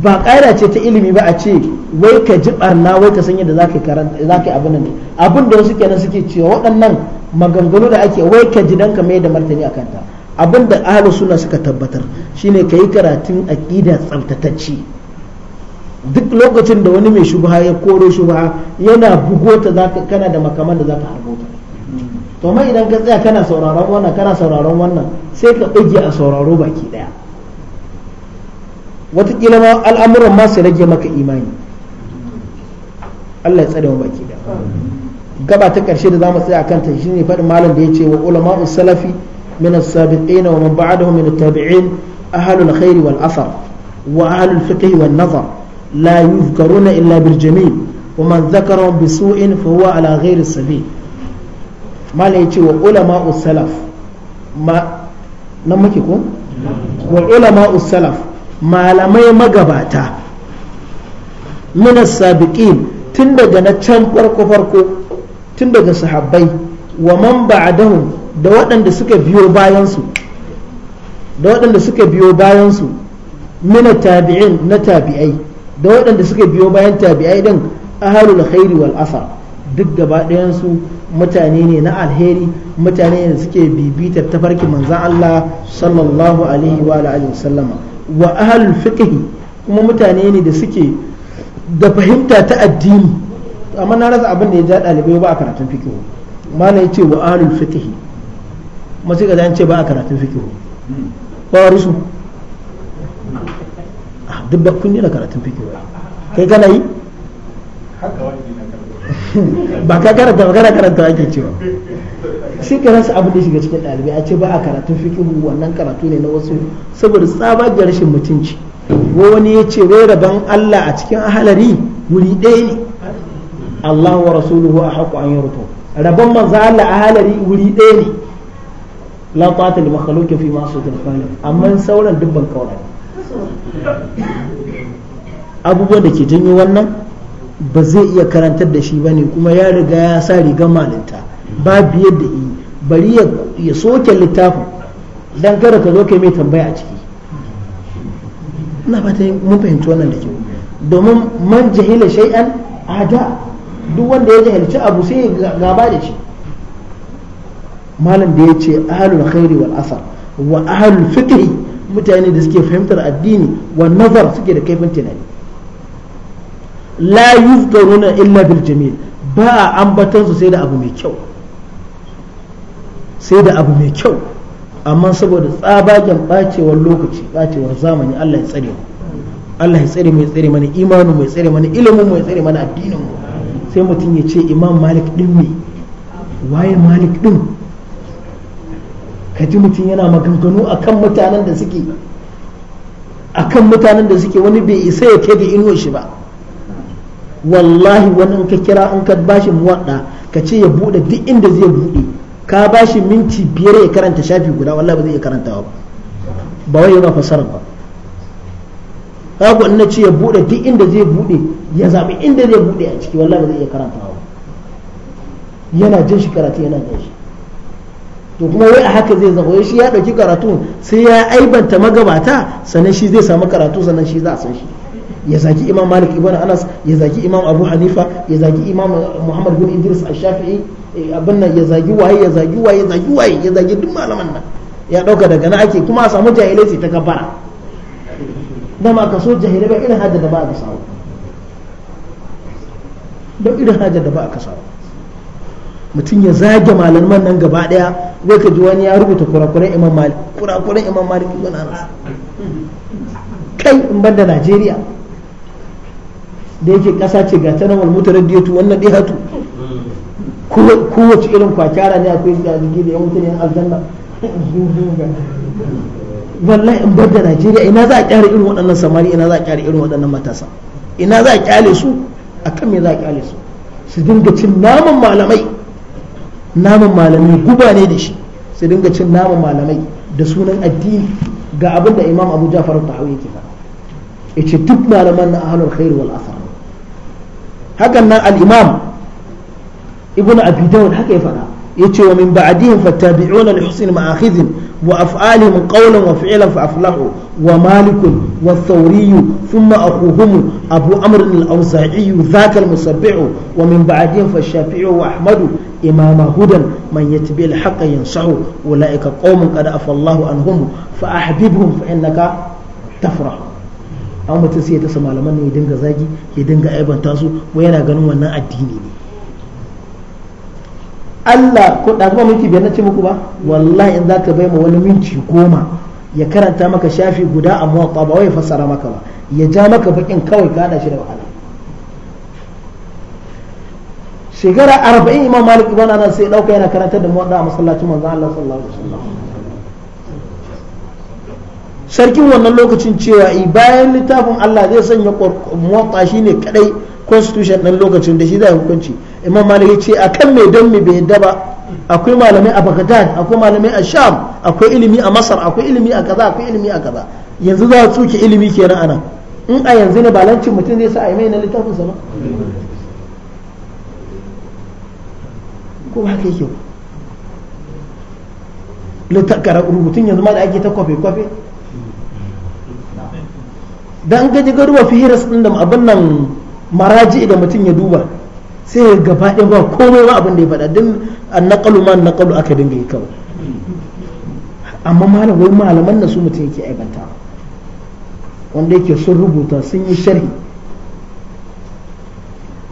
Speaker 1: ba ƙaira ce ta ilimi ba a ce wai ka ji barna wai ka san yadda za ka yi abin nan abin da wasu kenan suke cewa waɗannan maganganu da ake wai ka ji don ka mai da martani a kanta abinda ahlus sunna suka tabbatar shine kai karatun aqida tsaftatacce duk lokacin da wani mai shubha ya koro shubha yana bugota zaka kana da makaman da zaka harbo ta to mai idan ka tsaya kana sauraron wannan kana sauraron wannan sai ka ɗage a sauraro baki daya watakila ma al'amuran ma su rage maka imani Allah ya tsare mu baki daya gaba ta karshe da zamu tsaya akan ta shine faɗin malam da yace wa ulama'us salafi من السابقين ومن بعدهم من التابعين أهل الخير والأثر وأهل الفقه والنظر لا يذكرون إلا بالجميل ومن ذكرهم بسوء فهو على غير السبيل ما ليتي وعلماء السلف ما نمكيكم وعلماء السلف ما لمي مقباتا من السابقين تندق نتشان فرق فرق تندق صحابي ومن بعدهم da waɗanda suka biyo bayansu da waɗanda suka biyo bayansu mina tabi'in na tabi'ai da waɗanda suka biyo bayan tabi'ai din ahalul khairi wal asar duk gaba ɗayansu mutane ne na alheri mutane ne suke bibitar tafarki manzan Allah sallallahu alaihi wa alihi wasallama wa ahalul fiqhi kuma mutane ne da suke da fahimta ta addini amma na rasa abin da ya ja ɗalibai ba a karatun ma na yace wa ahalul fiqhi masu ga ka ce ba a karatun fikihu ba rusu ah, duk ba kun yi na karatun fikihu kai kana yi
Speaker 2: ba ka karanta ba kana karanta ake cewa shi
Speaker 1: ka rasa abu da shiga cikin ɗalibai a ce ba a karatun fikihu wannan karatu ne na wasu saboda tsabagen rashin mutunci wani ya ce wai rabon Allah a cikin ahalari wuri ɗaya ne Allah wa rasuluhu a haƙo an yi rabon manzo Allah ahalari wuri ɗaya ne la ta'ata li makhluqin fi ma'siyatil amma sauran dubban kawai abubuwan da ke janyo wannan ba zai iya karantar da shi ne kuma ya riga ya sa riga malinta babu yadda yi bari ya soke littafin don kada ka zo kai mai tambaya a ciki ina fata mun fahimci wannan da kyau domin man jahila a ada duk wanda ya jahilci abu sai ya gaba da shi malam da ya ce ahalul khairi wal asar wa ahalul fiqhi mutane da suke fahimtar addini wa nazar suke da kaifin tunani la yuzkaruna illa bil jamil ba a ambatan su sai da abu mai kyau sai da abu mai kyau amma saboda tsabagen bacewar lokaci bacewar zamani Allah ya tsare mu Allah ya tsare mai tsare mana imanu mai tsare mana ilimin mai tsare mana addinin mu sai mutum ya ce imam malik din me waye malik din ka ji mutum yana maganganu akan mutanen da suke akan mutanen da suke wani bai isa ya kebe inuwar shi ba wallahi wani ka kira an ka bashi muwadda ka ce ya bude duk inda zai bude ka bashi minti biyar ya karanta shafi guda wallahi ba zai iya karantawa ba ba wai yana fasara ba kaga na ce ya bude duk inda zai bude ya zabi inda zai bude a ciki wallahi ba zai iya ba yana jin shi karatu yana jin shi to kuma wai a haka zai zama shi ya dauki karatu sai ya aibanta magabata sannan shi zai samu karatu sannan shi za a san shi ya zaki imam malik ibn anas ya zaki imam abu hanifa ya zaki imam muhammad bin idris al shafii eh, abin nan ya zagi waye ya zagi waye ya zagi waye ya zagi duk malaman nan ya dauka daga na ake kuma a samu jahilai sai ta kafara ma ka so jahilai ba irin hajjar da ba a samu da irin hajjar da ba a samu mutum ya zage malaman nan gaba daya zai ka ji wani ya rubuta kurakuren imam malik kurakuren imam malik yana anas kai in ban da najeriya da yake kasa ce ga ta nan mutaraddiyatu wannan dihatu kowace irin kwakyara ne akwai gazige da yan mutane aljanna wallahi in bar da najeriya ina za a kyara irin waɗannan samari ina za a kyara irin waɗannan matasa ina za a kyale su a kan me za a kyale su su dinga cin naman malamai naman malamai guba ne da shi su dinga cin naman malamai da sunan addini ga abin da imam abu jafar tahawi yake faɗa ce duk malaman na ahalar khair wal asar hakan nan al imam ibnu abi dawud haka ya faɗa yace wa min ba'dihim fattabi'una li husn ma'akhidhin wa af'alihim qawlan wa fi'lan fa aflahu ومالك والثوري ثم أخوهم أبو أمر الأوزاعي ذاك المصبع ومن بعدهم فالشافعي وأحمد إمام هدى من يتبع الحق ينصح أولئك قوم قد أفى الله عنهم فأحببهم فإنك تفرح an mutum sai ya tasa malaman ne dinga zagi ya dinga aibanta su wai yana ganin wannan addini ne Allah ko da minti biyar na ce muku ba wallahi in zaka bai ma wani minti goma ya karanta maka shafi guda a muwatta ba wai fassara maka ba ya ja maka bakin kawai ka hada shi da wahala shekara arba'in imam malik ibn anas sai dauka yana karantar da muwatta a masallacin manzon Allah sallallahu alaihi wasallam sarkin wannan lokacin cewa i bayan littafin Allah zai sanya muwatta shine kadai constitution ɗin lokacin da shi zai hukunci imam malik ya ce akan me don me bai yadda ba akwai malamai a baghdad akwai malamai a sham akwai ilimi a masar akwai ilimi a kaza akwai ilimi a kaza yanzu za a tsuke ilimi kenan anan in a yanzu ne balancin mutum zai sa a yi mai na littafin sama ko ba haka yake ba rubutun yanzu ma da ake ta kwafe kwafe dan gaji garuwa fi hiras din da abin nan maraji da mutum ya duba sai gaba ɗaya ba komai ba abin da ya faɗa din an naƙalu ma naƙalu aka dinga yi kawai amma malam wai malaman na su mutum yake aibanta wanda yake sun rubuta sun yi sharhi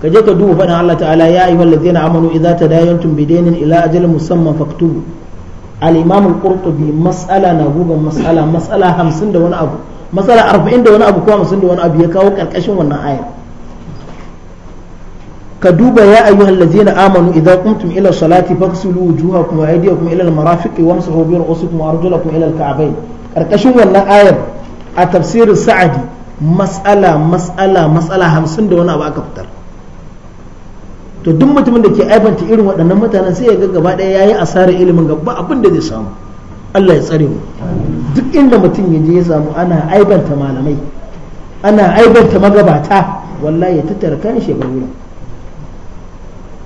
Speaker 1: ka je ka duba faɗin Allah ta'ala ya ayyuhal ladzina amanu idza tadayantum bidaynin ila ajalin musamman faktubu al-imam al-qurtubi mas'ala na gugan mas'ala mas'ala 50 da wani abu mas'ala 40 da wani abu ko 50 da wani abu ya kawo karkashin wannan ayar ka duba ya ayyuhal ladzina amanu idza qumtum ila salati faghsilu wujuhakum wa aydiyakum ila al-marafiqi wamsahu bi ru'usikum wa arjulakum ila al-ka'bayn karkashin wannan ayar a tafsirin sa'adi mas'ala mas'ala mas'ala hamsin da wani abu aka fitar to duk mutumin da ke aibanta irin waɗannan mutanen sai ya ga gaba ɗaya yayi asarar ilimin gaba abin da zai samu Allah ya tsare mu duk inda mutum ya je ya samu ana aibanta malamai ana aibanta magabata wallahi ya tattara kan shekaru wurin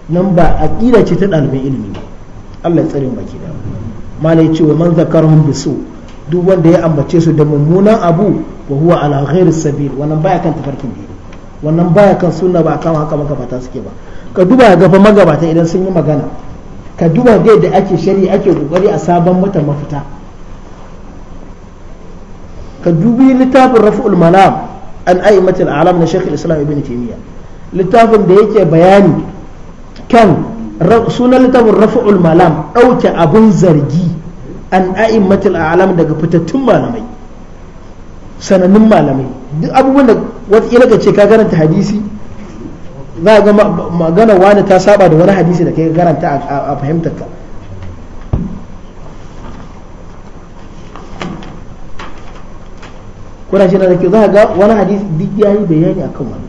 Speaker 1: nan ba a aqida ce ta ɗalibin ilimi Allah ya tsare baki da mala ya ce wa man zakarhum su duk wanda ya ambace su da mummunan abu wa huwa ala ghairi sabil wannan baya kan tafarkin dini wannan baya kan sunna ba kama haka magabata suke ba ka duba ga fa magabata idan sun yi magana ka duba ga yadda ake shari ake kokari a sabon mata mafita ka dubi littafin raf'ul malam an aimatul alam na shekul islam ibn taymiya littafin da yake bayani kan sunan littafin rafuul malam ɗauke abun zargi an a'immatul a'lam daga fitattun malamai sanannun malamai duk abubuwan da wata ka ce ka karanta hadisi za ga magana wani ta saba da wani hadisi da kai karanta a fahimtar ka kuna shi da ke za ga wani hadisi duk yayi bayani akan wani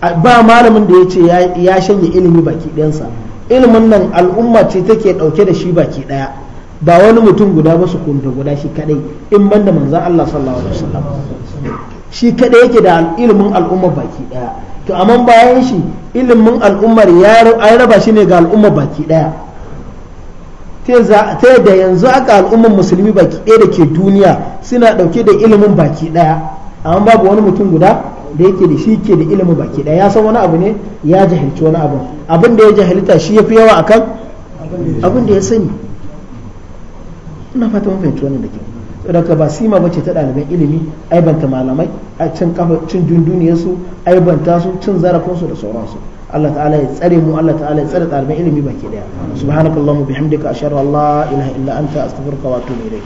Speaker 1: ba malamin da ya ce ya shanye ilimi baki ɗansa ilimin nan al'umma ce take ɗauke da shi baki ɗaya ba wani mutum guda ba su kunta guda shi kadai in ban da manzan Allah sallallahu alaihi wasallam shi kadai yake da ilimin al'umma baki ɗaya to amma bayan shi ilimin al'ummar ya raba shi ne ga al'umma baki ɗaya ta yadda yanzu aka al'ummar musulmi baki ɗaya da ke duniya suna ɗauke da ilimin baki ɗaya amma babu wani mutum guda da yake da shi ke da ilimin baki da ya san wani abu ne ya jahilci wani abu abin da ya jahilta shi ya fi yawa akan abin da ya sani ina fata mun fahimci wannan da kyau saboda ba sima bace ta ɗaliban ilimi aibanta malamai a cin kafa cin dunduniyar su aibanta su cin zarafin su da sauransu Allah ta'ala ya tsare mu Allah ta'ala ya tsare ɗaliban ilimi baki daya subhanakallahumma bihamdika ashhadu Allah la ilaha illa anta astaghfiruka wa atubu ilayk